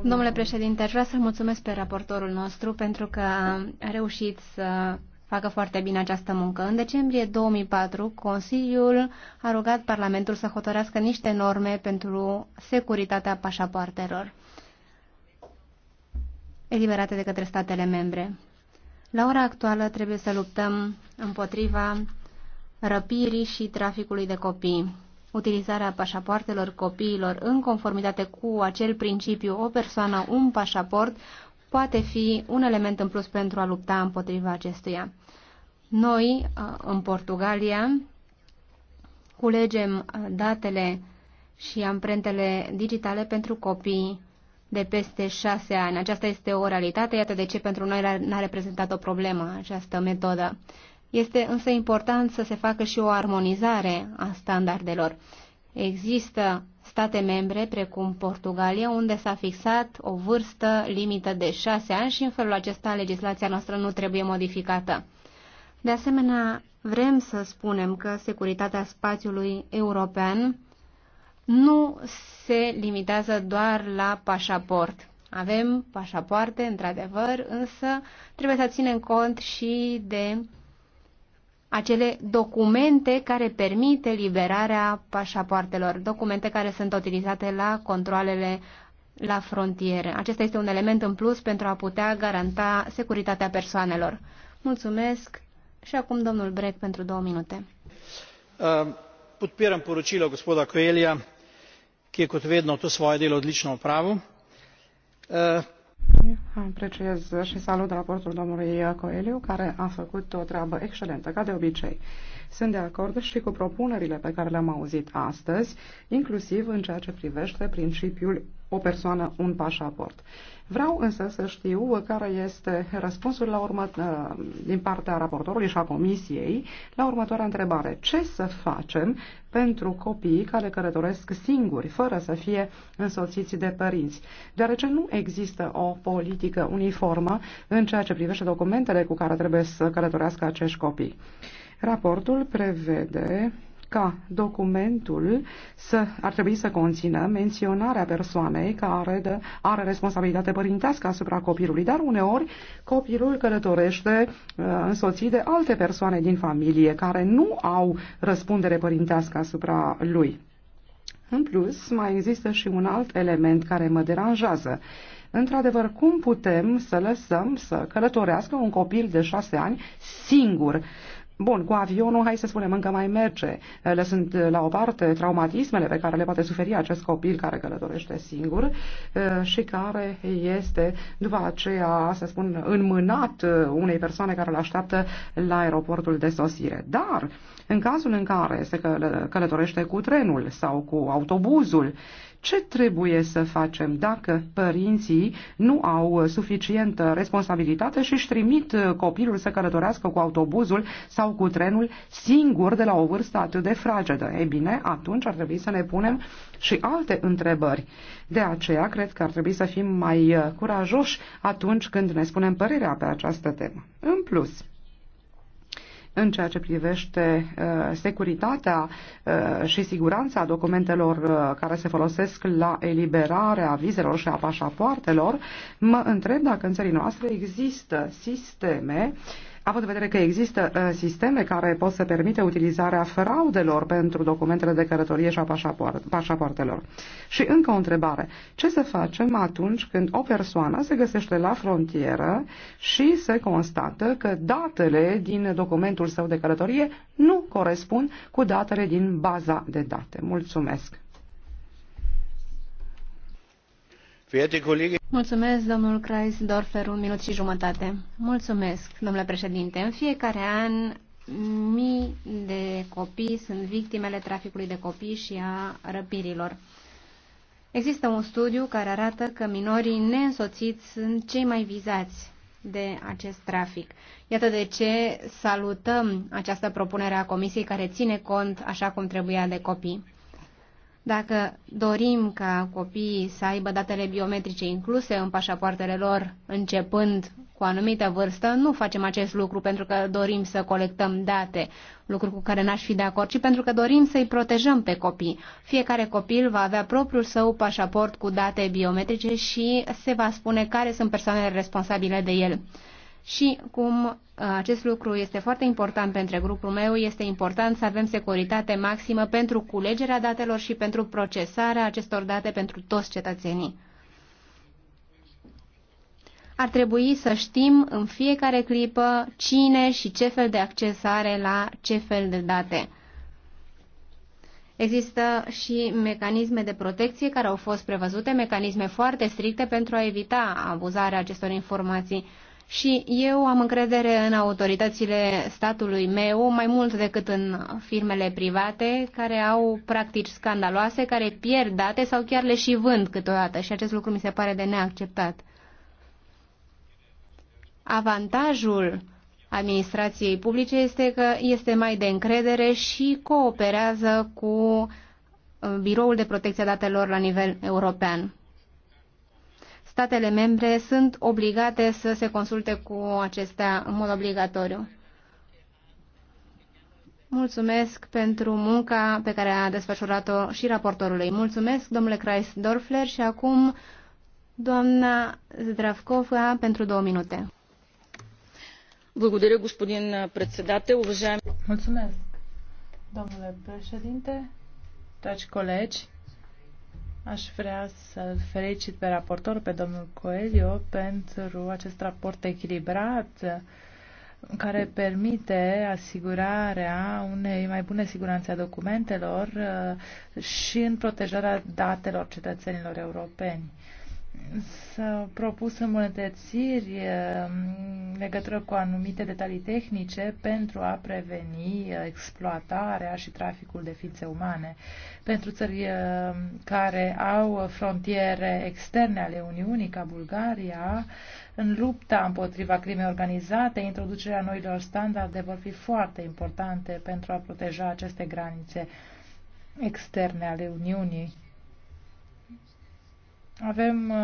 Domnule președinte, aș vrea să mulțumesc pe raportorul nostru pentru că a reușit să facă foarte bine această muncă. În decembrie 2004, Consiliul a rugat Parlamentul să hotărească niște norme pentru securitatea pașapoartelor eliberate de către statele membre. La ora actuală trebuie să luptăm împotriva răpirii și traficului de copii utilizarea pașapoartelor copiilor în conformitate cu acel principiu o persoană, un pașaport, poate fi un element în plus pentru a lupta împotriva acestuia. Noi, în Portugalia, culegem datele și amprentele digitale pentru copii de peste șase ani. Aceasta este o realitate, iată de ce pentru noi n-a reprezentat o problemă această metodă. Este însă important să se facă și o armonizare a standardelor. Există state membre, precum Portugalia, unde s-a fixat o vârstă limită de șase ani și în felul acesta legislația noastră nu trebuie modificată. De asemenea, vrem să spunem că securitatea spațiului european nu se limitează doar la pașaport. Avem pașapoarte, într-adevăr, însă trebuie să ținem cont și de acele documente care permit liberarea pașapoartelor, documente care sunt utilizate la controlele la frontiere. Acesta este un element în plus pentru a putea garanta securitatea persoanelor. Mulțumesc și acum domnul Brec pentru două minute. Ehm, podpiram poročilo gospoda Coelja, ki je kot vedno to svoje delo odlično opravil. Ehm, Apreciez și salut raportul domnului Coeliu, care a făcut o treabă excelentă, ca de obicei. Sunt de acord și cu propunerile pe care le-am auzit astăzi, inclusiv în ceea ce privește principiul o persoană, un pașaport. Vreau însă să știu care este răspunsul la urmă, uh, din partea raportorului și a comisiei la următoarea întrebare. Ce să facem pentru copiii care călătoresc singuri, fără să fie însoțiți de părinți? Deoarece nu există o politică uniformă în ceea ce privește documentele cu care trebuie să călătorească acești copii. Raportul prevede ca documentul să, ar trebui să conțină menționarea persoanei care dă, are responsabilitate părintească asupra copilului, dar uneori copilul călătorește uh, însoțit de alte persoane din familie care nu au răspundere părintească asupra lui. În plus, mai există și un alt element care mă deranjează. Într-adevăr, cum putem să lăsăm să călătorească un copil de șase ani singur? Uh, Bun, cu avionul, hai să spunem, încă mai merge, lăsând eh, la o parte traumatismele pe care le poate suferi acest copil care călătorește singur eh, și care este după aceea, să spun, înmânat eh, unei persoane care îl așteaptă la aeroportul de sosire. Dar, în cazul în care se călătorește cu trenul sau cu autobuzul ce trebuie să facem dacă părinții nu au suficientă responsabilitate și își trimit copilul să călătorească cu autobuzul sau cu trenul singur de la o vârstă atât de fragedă. Ei bine, atunci ar trebui să ne punem și alte întrebări. De aceea, cred că ar trebui să fim mai uh, curajoși atunci când ne spunem părerea pe această temă. În plus, în ceea ce privește uh, securitatea uh, și siguranța documentelor uh, care se folosesc la eliberarea vizelor și a pașapoartelor, mă întreb dacă în țării noastre există sisteme uh, Având în vedere că există uh, sisteme care pot să permite utilizarea fraudelor pentru documentele de călătorie și a pașapoartelor. Și încă o întrebare. Ce să facem atunci când o persoană se găsește la frontieră și se constată că datele din documentul său de călătorie nu corespund cu datele din baza de date? Mulțumesc! Mulțumesc, domnul Kreisdorfer, un minut și jumătate. Mulțumesc, domnule președinte. În fiecare an, mii de copii sunt victimele traficului de copii și a răpirilor. Există un studiu care arată că minorii neînsoțiți sunt cei mai vizați de acest trafic. Iată de ce salutăm această propunere a Comisiei care ține cont așa cum trebuia de copii. Dacă dorim ca copiii să aibă datele biometrice incluse în pașapoartele lor începând cu anumită vârstă, nu facem acest lucru pentru că dorim să colectăm date, lucru cu care n-aș fi de acord, ci pentru că dorim să-i protejăm pe copii. Fiecare copil va avea propriul său pașaport cu date biometrice și se va spune care sunt persoanele responsabile de el și cum uh, acest lucru este foarte important pentru grupul meu, este important să avem securitate maximă pentru culegerea datelor și pentru procesarea acestor date pentru toți cetățenii. Ar trebui să știm în fiecare clipă cine și ce fel de acces are la ce fel de date. Există și mecanisme de protecție care au fost prevăzute, mecanisme foarte stricte pentru a evita abuzarea acestor informații și eu am încredere în autoritățile statului meu mai mult decât în firmele private care au practici scandaloase, care pierd date sau chiar le și vând câteodată și acest lucru mi se pare de neacceptat. Avantajul administrației publice este că este mai de încredere și cooperează cu Biroul de Protecție a Datelor la nivel european statele membre sunt obligate să se consulte cu acestea în mod obligatoriu. Mulțumesc pentru munca pe care a desfășurat-o și raportorului. Mulțumesc, domnule Kreis Dorfler, și acum doamna Zdravkova pentru două minute. Благодаря, господин председател. Уважаеми... Mulțumesc, domnule președinte, dragi colegi. Aș vrea să-l felicit pe raportor, pe domnul Coelho, pentru acest raport echilibrat care permite asigurarea unei mai bune siguranțe a documentelor uh, și în protejarea datelor cetățenilor europeni s a propus îmbunătățiri uh, legătură cu anumite detalii tehnice pentru a preveni uh, exploatarea și traficul de ființe umane. Pentru țări uh, care au frontiere externe ale Uniunii, ca Bulgaria, în lupta împotriva crimei organizate, introducerea noilor standarde vor fi foarte importante pentru a proteja aceste granițe externe ale Uniunii. Avem uh,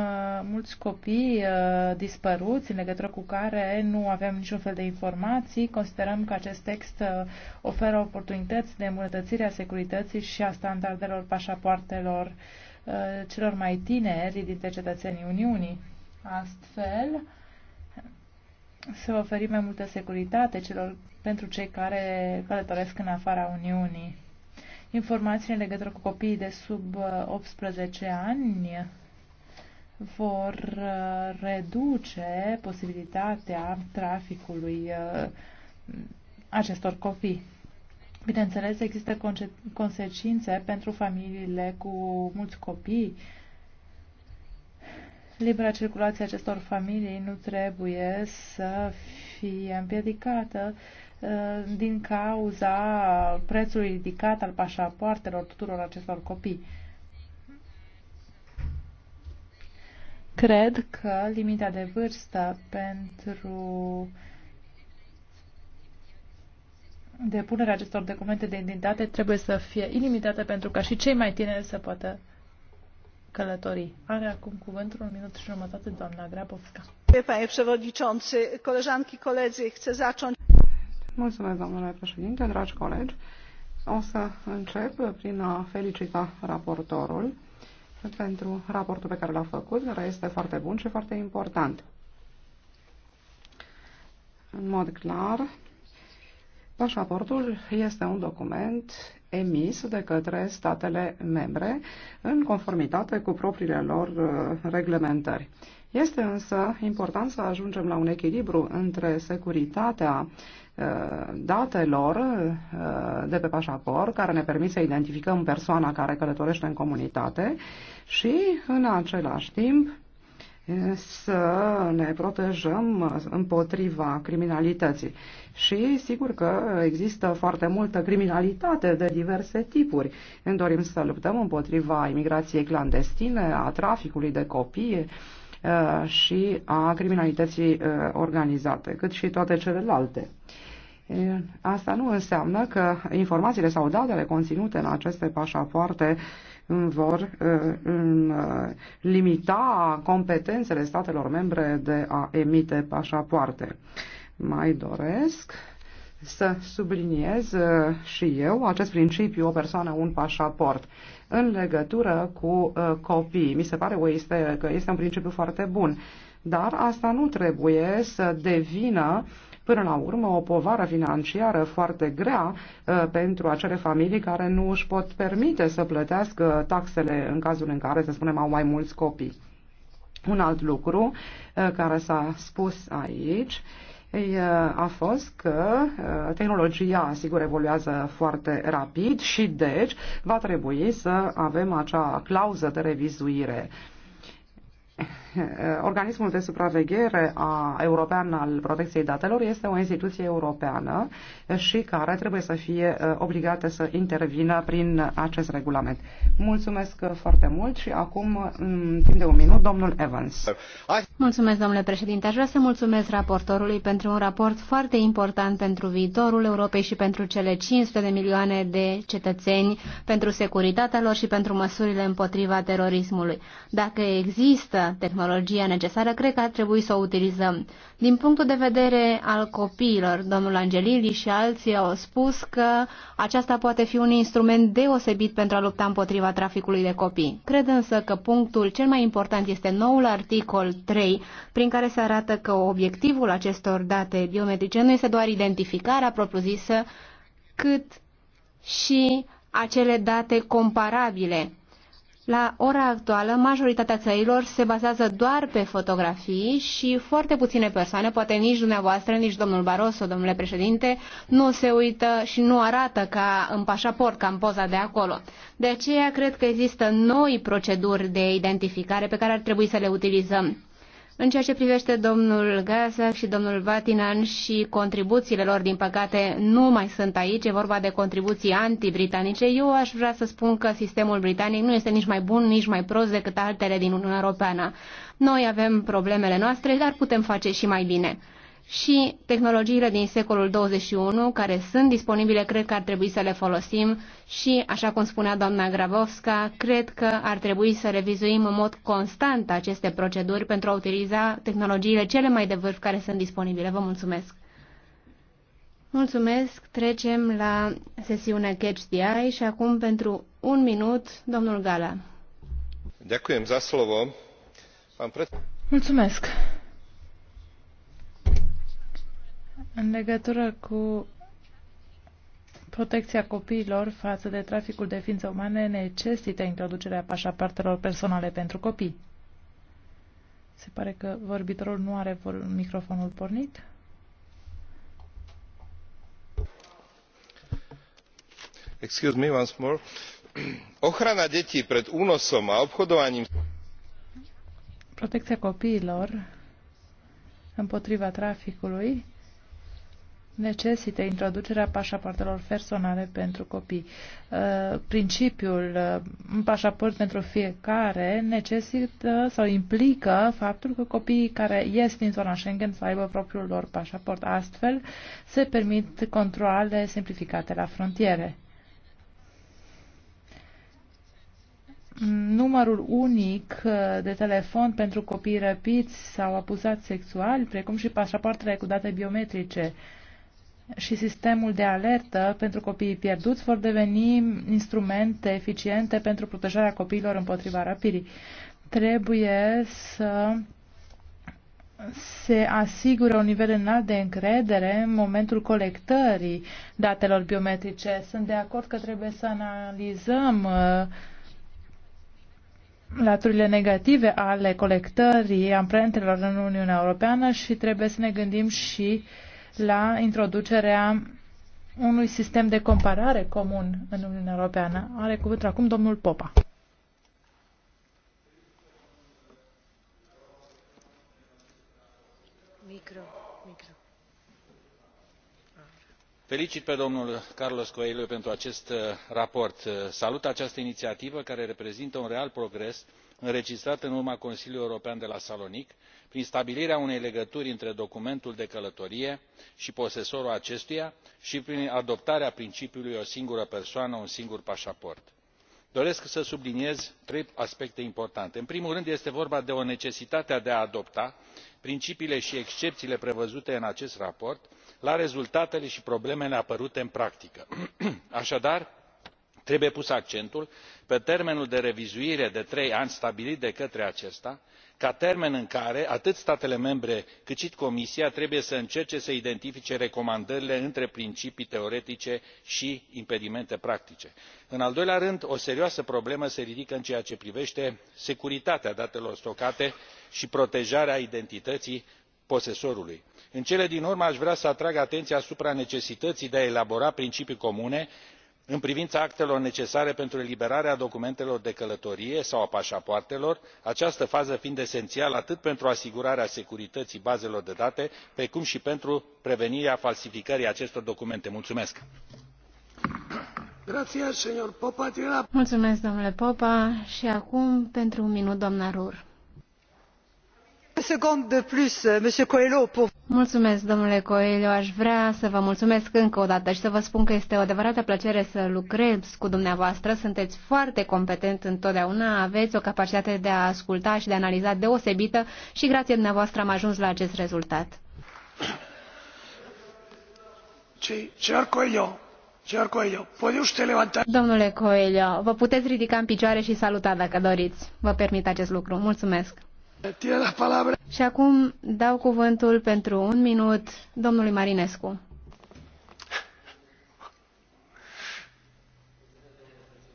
mulți copii uh, dispăruți în legătură cu care nu avem niciun fel de informații. Considerăm că acest text uh, oferă oportunități de îmbunătățire a securității și a standardelor pașapoartelor uh, celor mai tineri dintre cetățenii Uniunii. Astfel, se oferim mai multă securitate celor, pentru cei care călătoresc în afara Uniunii. Informații în legătură cu copiii de sub 18 uh, ani vor uh, reduce posibilitatea traficului uh, acestor copii. Bineînțeles, există consecințe pentru familiile cu mulți copii. Libera circulație acestor familii nu trebuie să fie împiedicată uh, din cauza prețului ridicat al pașapoartelor tuturor acestor copii. Cred că limita de vârstă pentru depunerea acestor documente de identitate trebuie să fie ilimitată pentru ca și cei mai tineri să poată călători. Are acum cuvântul un minut și jumătate doamna Grabowska. Mulțumesc, domnule președinte, dragi colegi. O să încep prin a felicita raportorul pentru raportul pe care l-a făcut, care este foarte bun și foarte important. În mod clar, pașaportul este un document emis de către statele membre în conformitate cu propriile lor uh, reglementări. Este însă important să ajungem la un echilibru între securitatea uh, datelor uh, de pe pașaport care ne permit să identificăm persoana care călătorește în comunitate și în același timp să ne protejăm împotriva criminalității. Și sigur că există foarte multă criminalitate de diverse tipuri. Ne dorim să luptăm împotriva imigrației clandestine, a traficului de copii, Uh, și a criminalității uh, organizate, cât și toate celelalte. Uh, asta nu înseamnă că informațiile sau datele conținute în aceste pașapoarte vor limita competențele statelor membre de a emite pașapoarte. Mai doresc să subliniez și eu acest principiu, o persoană, un pașaport în legătură cu uh, copii. Mi se pare o este, că este un principiu foarte bun. Dar asta nu trebuie să devină până la urmă o povară financiară foarte grea uh, pentru acele familii care nu își pot permite să plătească taxele în cazul în care, să spunem, au mai mulți copii. Un alt lucru uh, care s-a spus aici uh, ei uh, a fost că uh, tehnologia, sigur, evoluează foarte rapid și, deci, va trebui să avem acea clauză de revizuire organismul de supraveghere a, european al protecției datelor este o instituție europeană și care trebuie să fie uh, obligată să intervină prin acest regulament. Mulțumesc uh, foarte mult și acum, în timp de un minut, domnul Evans. Mulțumesc, domnule președinte. Aș vrea să mulțumesc raportorului pentru un raport foarte important pentru viitorul Europei și pentru cele 500 de milioane de cetățeni, pentru securitatea lor și pentru măsurile împotriva terorismului. Dacă există tehnologie tehnologia necesară, cred că ar trebui să o utilizăm. Din punctul de vedere al copiilor, domnul Angelili și alții au spus că aceasta poate fi un instrument deosebit pentru a lupta împotriva traficului de copii. Cred însă că punctul cel mai important este noul articol 3, prin care se arată că obiectivul acestor date biometrice nu este doar identificarea propriu-zisă, cât și acele date comparabile la ora actuală, majoritatea țărilor se bazează doar pe fotografii și foarte puține persoane, poate nici dumneavoastră, nici domnul Barroso, domnule președinte, nu se uită și nu arată ca în pașaport, ca în poza de acolo. De aceea, cred că există noi proceduri de identificare pe care ar trebui să le utilizăm. În ceea ce privește domnul Gaza și domnul Vatinan și contribuțiile lor, din păcate, nu mai sunt aici, e vorba de contribuții anti-britanice. Eu aș vrea să spun că sistemul britanic nu este nici mai bun, nici mai prost decât altele din Uniunea Europeană. Noi avem problemele noastre, dar putem face și mai bine și tehnologiile din secolul 21 care sunt disponibile, cred că ar trebui să le folosim și, așa cum spunea doamna Gravovska, cred că ar trebui să revizuim în mod constant aceste proceduri pentru a utiliza tehnologiile cele mai de vârf care sunt disponibile. Vă mulțumesc! Mulțumesc! Trecem la sesiunea Catch the Eye și acum pentru un minut, domnul Gala. Mulțumesc! În legătură cu protecția copiilor față de traficul de ființe umane necesită introducerea pașapartelor personale pentru copii. Se pare că vorbitorul nu are microfonul pornit. Excuse me once more. Ochrana detii pred unosom a obchodovanim. Protecția copiilor împotriva traficului necesită introducerea pașapoartelor personale pentru copii. Uh, principiul uh, un pașaport pentru fiecare necesită sau implică faptul că copiii care ies din zona Schengen să aibă propriul lor pașaport. Astfel se permit controle simplificate la frontiere. numărul unic uh, de telefon pentru copii răpiți sau abuzați sexual, precum și pașapoartele cu date biometrice și sistemul de alertă pentru copiii pierduți vor deveni instrumente eficiente pentru protejarea copiilor împotriva răpirii. Trebuie să se asigură un nivel înalt de încredere în momentul colectării datelor biometrice. Sunt de acord că trebuie să analizăm uh, laturile negative ale colectării amprentelor în Uniunea Europeană și trebuie să ne gândim și uh, la introducerea unui sistem de comparare comun în Uniunea Europeană. Are cuvântul acum domnul Popa. Micro, micro. Felicit pe domnul Carlos Coelho pentru acest uh, raport. Uh, salut această inițiativă care reprezintă un real progres înregistrat în urma Consiliului European de la Salonic, prin stabilirea unei legături între documentul de călătorie și posesorul acestuia și prin adoptarea principiului o singură persoană un singur pașaport. doresc să subliniez trei aspecte importante în primul rând este vorba de necesitatea de a adopta principiile și excepțiile prevăzute în acest raport la rezultatele și problemele apărute în practică. așadar trebuie pus accentul pe termenul de revizuire de trei ani stabilit de către acesta ca termen în care atât statele membre cât și comisia trebuie să încerce să identifice recomandările între principii teoretice și impedimente practice. în al doilea rând o serioasă problemă se ridică în ceea ce privește securitatea datelor stocate și protejarea identității posesorului. în cele din urmă aș vrea să atrag atenția asupra necesității de a elabora principii comune în privința actelor necesare pentru eliberarea documentelor de călătorie sau a pașapoartelor această fază fiind esențială atât pentru asigurarea securității bazelor de date precum și pentru prevenirea falsificării acestor documente. mulțumesc. mulțumesc domnule popa și acum pentru un minut Euh, mulțumesc, domnule Coelho. Aș vrea să vă mulțumesc încă o dată și să vă spun că este o adevărată plăcere să lucrez cu dumneavoastră. Sunteți foarte competent întotdeauna, aveți o capacitate de a asculta și de a analiza deosebită și grație dumneavoastră am ajuns la acest rezultat. Domnule Coelho, vă puteți ridica în picioare și saluta dacă doriți. Vă permit acest lucru. Mulțumesc. Și acum dau cuvântul pentru un minut domnului Marinescu.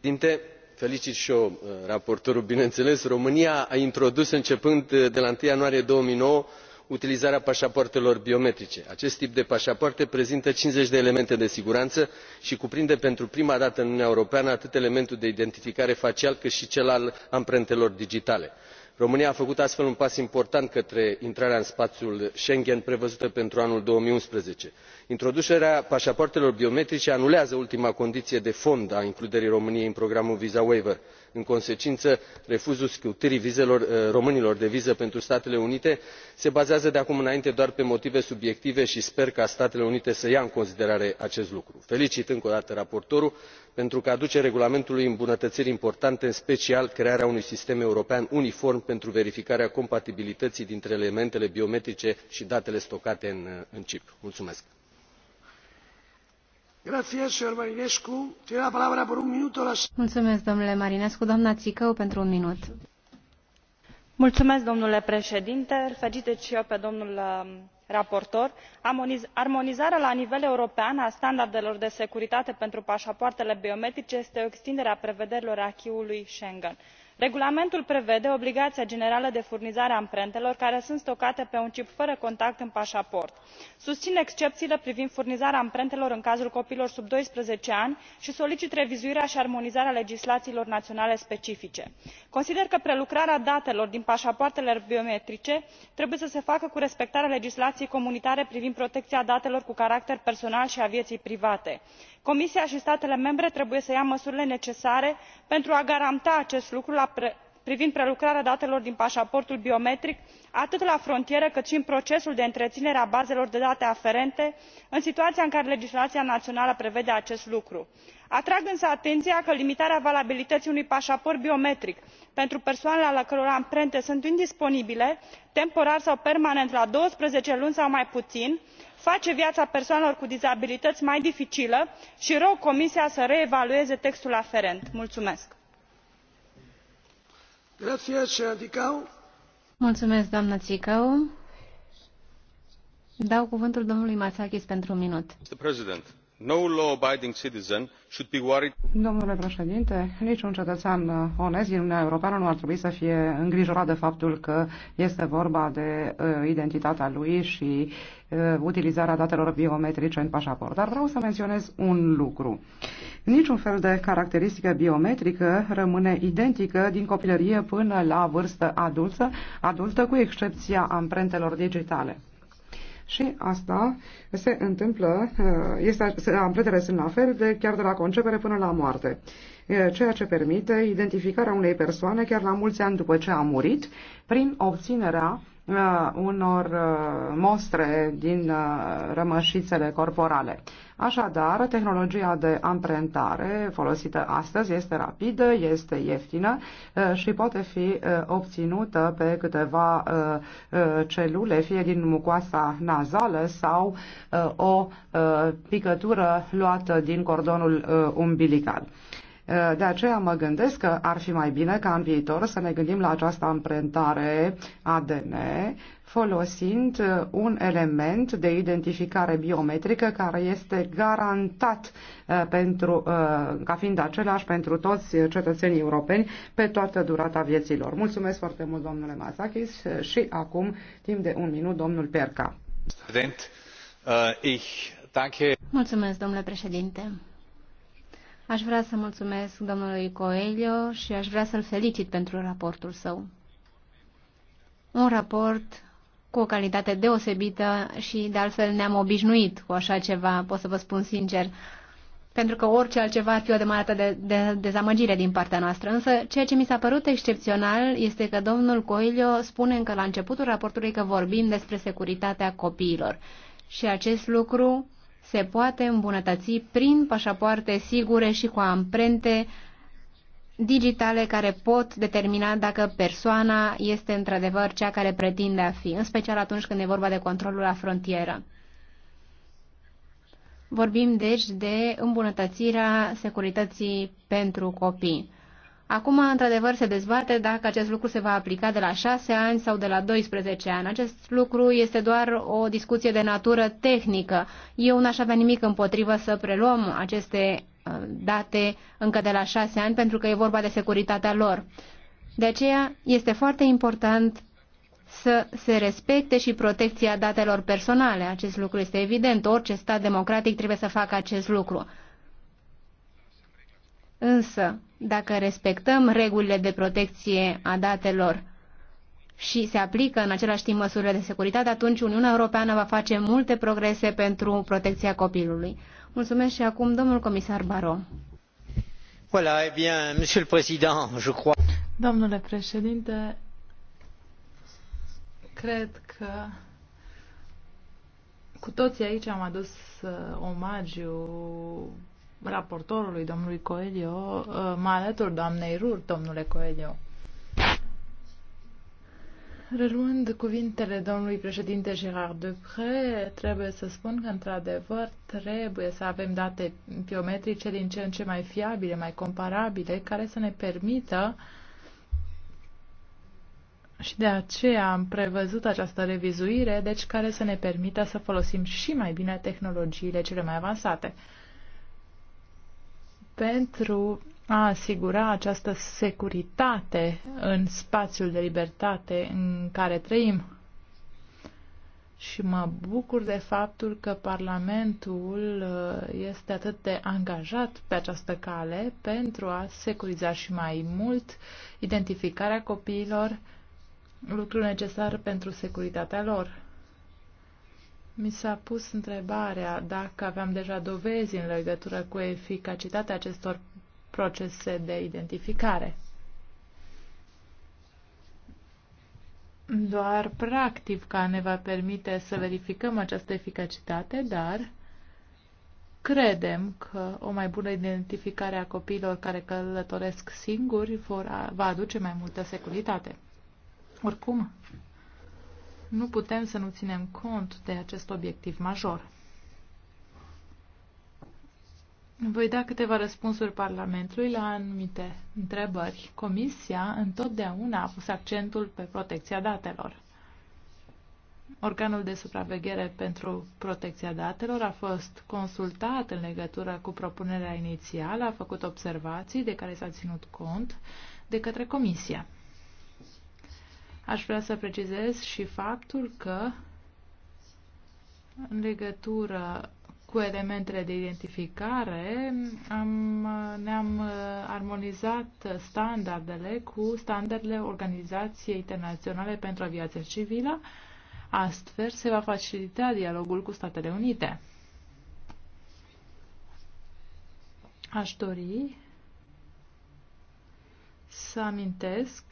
Dinte, felicit și eu uh, raportorul, bineînțeles. România a introdus începând uh, de la 1 ianuarie 2009 utilizarea pașapoartelor biometrice. Acest tip de pașapoarte prezintă 50 de elemente de siguranță și cuprinde pentru prima dată în Uniunea Europeană atât elementul de identificare facial cât și cel al amprentelor digitale românia a făcut astfel un pas important către intrarea în spaiul schengen prevăzută pentru anul. două mii unsprezece introducerea paapoartelor biometrice anulează ultima condiie de fond a includerii româniei în programul visa waiver în consecință, refuzul scutirii vizelor eh, românilor de viză pentru statele unite se bazează de acum înainte doar pe motive subiective și sper ca statele unite să ia în considerare acest lucru. felicit încă o dată raportorul pentru că aduce regulamentului îmbunătățiri importante în special crearea unui sistem european uniform pentru verificarea compatibilității dintre elementele biometrice și datele stocate în eh, cip. Mulțumesc. Mulțumesc, domnule Marinescu. Doamna Țicău, pentru un minut. Mulțumesc, domnule președinte. Îl felicit și eu pe domnul um, raportor armonizarea la nivel european a standardelor de securitate pentru pașapoartele biometrice este o extindere a prevederilor acquis ului schengen regulamentul prevede obligația generală de furnizare a amprentelor care sunt stocate pe un cip fără contact în pașaport susțin excepțiile privind furnizarea amprentelor în cazul copiilor sub doisprezece ani și solicit revizuirea și armonizarea legislațiilor naționale specifice. consider că prelucrarea datelor din pașapoartele biometrice trebuie să se facă cu respectarea legislației comunitare privind protecția datelor cu caracter personal și a vieții private. comisia și statele membre trebuie să ia măsurile necesare pentru a garanta acest lucru privind prelucrarea datelor din paaportul biometric atât la frontieră cât i în procesul de întreinere a bazelor de date aferente în situaia în care legislaia naională prevede acest lucru. atrag însă atenia că limitarea valabilităii unui paaport biometric pentru persoanele ale căror amprente sunt indisponibile temporar sau permanent la doisprezece luni sau mai puin face viaa persoanelor cu dizabilităi mai dificilă i rog comisia să reevalueze textul aferent. mulumesc. Mulțumesc, doamnă Țicău. Dau cuvântul domnului Masakis pentru un minut. Domnule președinte, niciun cetățean uh, onest din Uniunea Europeană nu ar trebui să fie îngrijorat de faptul că este vorba de uh, identitatea lui și uh, utilizarea datelor biometrice în pașaport. Dar vreau să menționez un lucru. Niciun fel de caracteristică biometrică rămâne identică din copilărie până la vârstă adultă, adultă cu excepția amprentelor digitale. Și asta se întâmplă, uh, este, ampletele sunt la fel, de, chiar de la concepere până la moarte uh, ceea ce permite identificarea unei persoane chiar la mulți ani după ce a murit, prin obținerea Uh, unor uh, mostre din uh, rămășițele corporale. Așadar, tehnologia de amprentare folosită astăzi este rapidă, este ieftină și poate fi obținută pe câteva celule, fie din mucoasa nazală sau o picătură luată din cordonul umbilical. Eh, de aceea mă gândesc că ar fi mai bine ca în viitor să ne gândim la această amprentare ADN folosind eh, un element de identificare biometrică care este garantat eh, pentru, ca fiind același pentru toți cetățenii europeni pe toată durata vieților. Mulțumesc foarte mult, domnule Mazakis, și acum, timp de un minut, domnul Perca. Mulțumesc, domnule președinte. Aș vrea să mulțumesc domnului Coelho și aș vrea să-l felicit pentru raportul său. Un raport cu o calitate deosebită și de altfel ne-am obișnuit cu așa ceva, pot să vă spun sincer, pentru că orice altceva ar fi o demarată de, de dezamăgire din partea noastră. Însă, ceea ce mi s-a părut excepțional este că domnul Coelho spune încă la începutul raportului că vorbim despre securitatea copiilor. Și acest lucru se poate îmbunătăți prin pașapoarte sigure și cu amprente digitale care pot determina dacă persoana este într-adevăr cea care pretinde a fi, în special atunci când e vorba de controlul la frontieră. Vorbim deci de îmbunătățirea securității pentru copii. Acum, într-adevăr, se dezbate dacă acest lucru se va aplica de la 6 ani sau de la 12 ani. Acest lucru este doar o discuție de natură tehnică. Eu n-aș avea nimic împotrivă să preluăm aceste uh, date încă de la 6 ani, pentru că e vorba de securitatea lor. De aceea, este foarte important să se respecte și protecția datelor personale. Acest lucru este evident. Orice stat democratic trebuie să facă acest lucru. Însă, dacă respectăm regulile de protecție a datelor și se aplică în același timp măsurile de securitate, atunci Uniunea Europeană va face multe progrese pentru protecția copilului. Mulțumesc și acum domnul comisar Baro. Voilà, eh bien, monsieur le président, je crois... Domnule președinte, cred că cu toții aici am adus eh, omagiu raportorului, domnului Coelio, uh, mă alătur doamnei Rur, domnule Coelio. Reluând cuvintele domnului președinte Gerard Dupré, trebuie să spun că, într-adevăr, trebuie să avem date biometrice din ce în ce mai fiabile, mai comparabile, care să ne permită și de aceea am prevăzut această revizuire, deci care să ne permită să folosim și mai bine tehnologiile cele mai avansate pentru a asigura această securitate în spațiul de libertate în care trăim. Și mă bucur de faptul că Parlamentul uh, este atât de angajat pe această cale pentru a securiza și mai mult identificarea copiilor, lucru necesar pentru securitatea lor. Mi s-a pus întrebarea dacă aveam deja dovezi în legătură cu eficacitatea acestor procese de identificare. Doar ca ne va permite să verificăm această eficacitate, dar credem că o mai bună identificare a copiilor care călătoresc singuri vor, va aduce mai multă securitate. Oricum, nu putem să nu ținem cont de acest obiectiv major. Voi da câteva răspunsuri Parlamentului la anumite întrebări. Comisia întotdeauna a pus accentul pe protecția datelor. Organul de supraveghere pentru protecția datelor a fost consultat în legătură cu propunerea inițială, a făcut observații de care s-a ținut cont de către Comisia. Aș vrea să precizez și faptul că în legătură cu elementele de identificare am, ne-am uh, armonizat standardele cu standardele Organizației Internaționale pentru Aviație Civilă. Astfel se va facilita dialogul cu Statele Unite. Aș dori să amintesc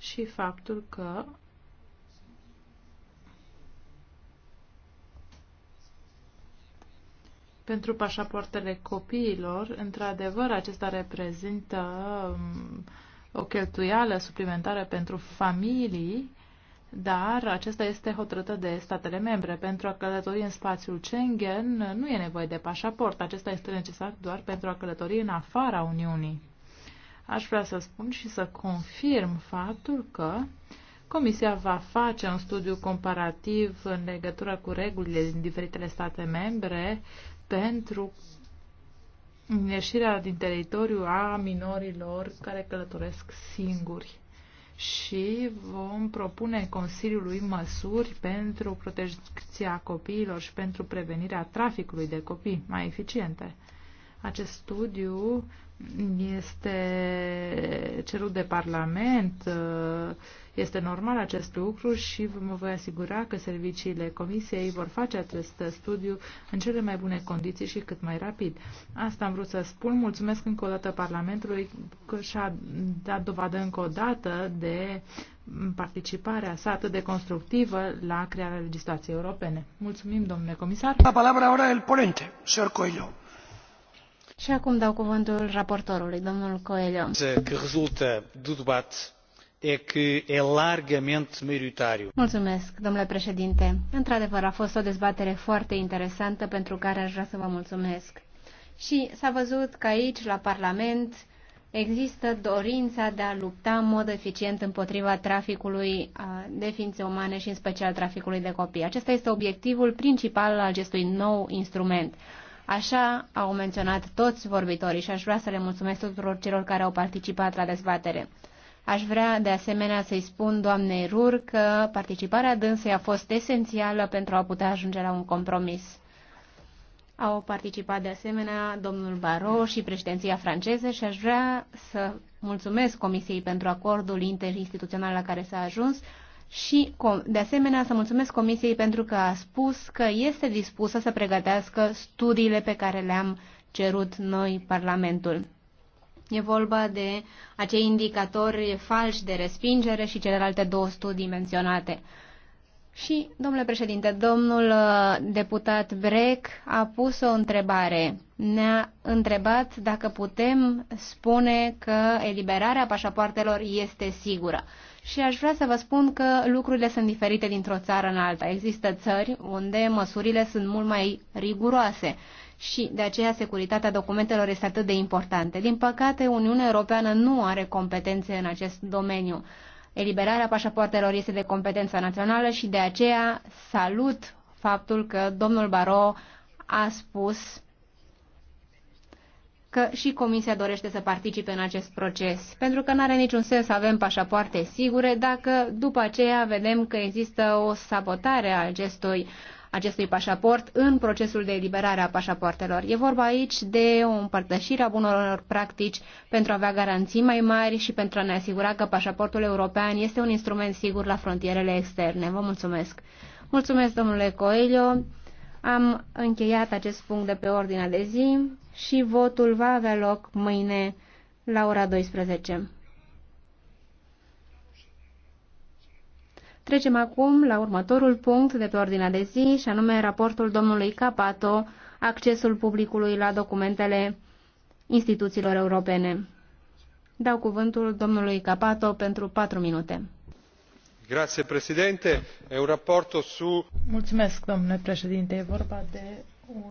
și faptul că pentru pașapoartele copiilor, într-adevăr, acesta reprezintă um, o cheltuială suplimentară pentru familii, dar acesta este hotărâtă de statele membre. Pentru a călători în spațiul Schengen nu e nevoie de pașaport, acesta este necesar doar pentru a călători în afara Uniunii. Aș vrea să spun și să confirm faptul că Comisia va face un studiu comparativ în legătură cu regulile din diferitele state membre pentru ieșirea din teritoriu a minorilor care călătoresc singuri și vom propune Consiliului măsuri pentru protecția copiilor și pentru prevenirea traficului de copii mai eficiente. Acest studiu este cerut de Parlament, este normal acest lucru și vă mă voi asigura că serviciile Comisiei vor face acest studiu în cele mai bune condiții și cât mai rapid. Asta am vrut să spun. Mulțumesc încă o dată Parlamentului că și-a dat dovadă încă o dată de participarea sa atât de constructivă la crearea legislației europene. Mulțumim, domnule comisar. La palabra ahora el ponente, señor Coelho. Și acum dau cuvântul raportorului, domnul Coelho. Că rezultă do debate e că e largamente maioritário. Mulțumesc, domnule președinte. Într-adevăr, a fost o dezbatere foarte interesantă pentru care aș vrea să vă mulțumesc. Și s-a văzut că aici, la Parlament, există dorința de a lupta în mod eficient împotriva traficului de ființe umane și în special traficului de copii. Acesta este obiectivul principal al acestui nou instrument. Așa au menționat toți vorbitorii și aș vrea să le mulțumesc tuturor celor care au participat la dezbatere. Aș vrea de asemenea să-i spun doamnei Rur că participarea dânsei a fost esențială pentru a putea ajunge la un compromis. Au participat de asemenea domnul Baro și președinția franceză și aș vrea să mulțumesc Comisiei pentru acordul interinstituțional la care s-a ajuns, și, de asemenea, să mulțumesc Comisiei pentru că a spus că este dispusă să pregătească studiile pe care le-am cerut noi Parlamentul. E vorba de acei indicatori falși de respingere și celelalte două studii menționate. Și, domnule președinte, domnul uh, deputat Brec a pus o întrebare. Ne-a întrebat dacă putem spune că eliberarea pașapoartelor este sigură. Și aș vrea să vă spun că lucrurile sunt diferite dintr-o țară în alta. Există țări unde măsurile sunt mult mai riguroase și de aceea securitatea documentelor este atât de importantă. Din păcate, Uniunea Europeană nu are competențe în acest domeniu. Eliberarea pașapoartelor este de competența națională și de aceea salut faptul că domnul Baro a spus că și Comisia dorește să participe în acest proces, pentru că nu are niciun sens să avem pașapoarte sigure dacă după aceea vedem că există o sabotare a acestui, acestui pașaport în procesul de eliberare a pașapoartelor. E vorba aici de o împărtășire a bunurilor practici pentru a avea garanții mai mari și pentru a ne asigura că pașaportul european este un instrument sigur la frontierele externe. Vă mulțumesc! Mulțumesc, domnule Coelho! Am încheiat acest punct de pe ordinea de zi și votul va avea loc mâine la ora 12. Trecem acum la următorul punct de pe ordinea de zi, și anume raportul domnului Capato, accesul publicului la documentele instituțiilor europene. Dau cuvântul domnului Capato pentru patru minute. Grazie, președinte. E un raport su... Mulțumesc, domnule președinte. E vorba de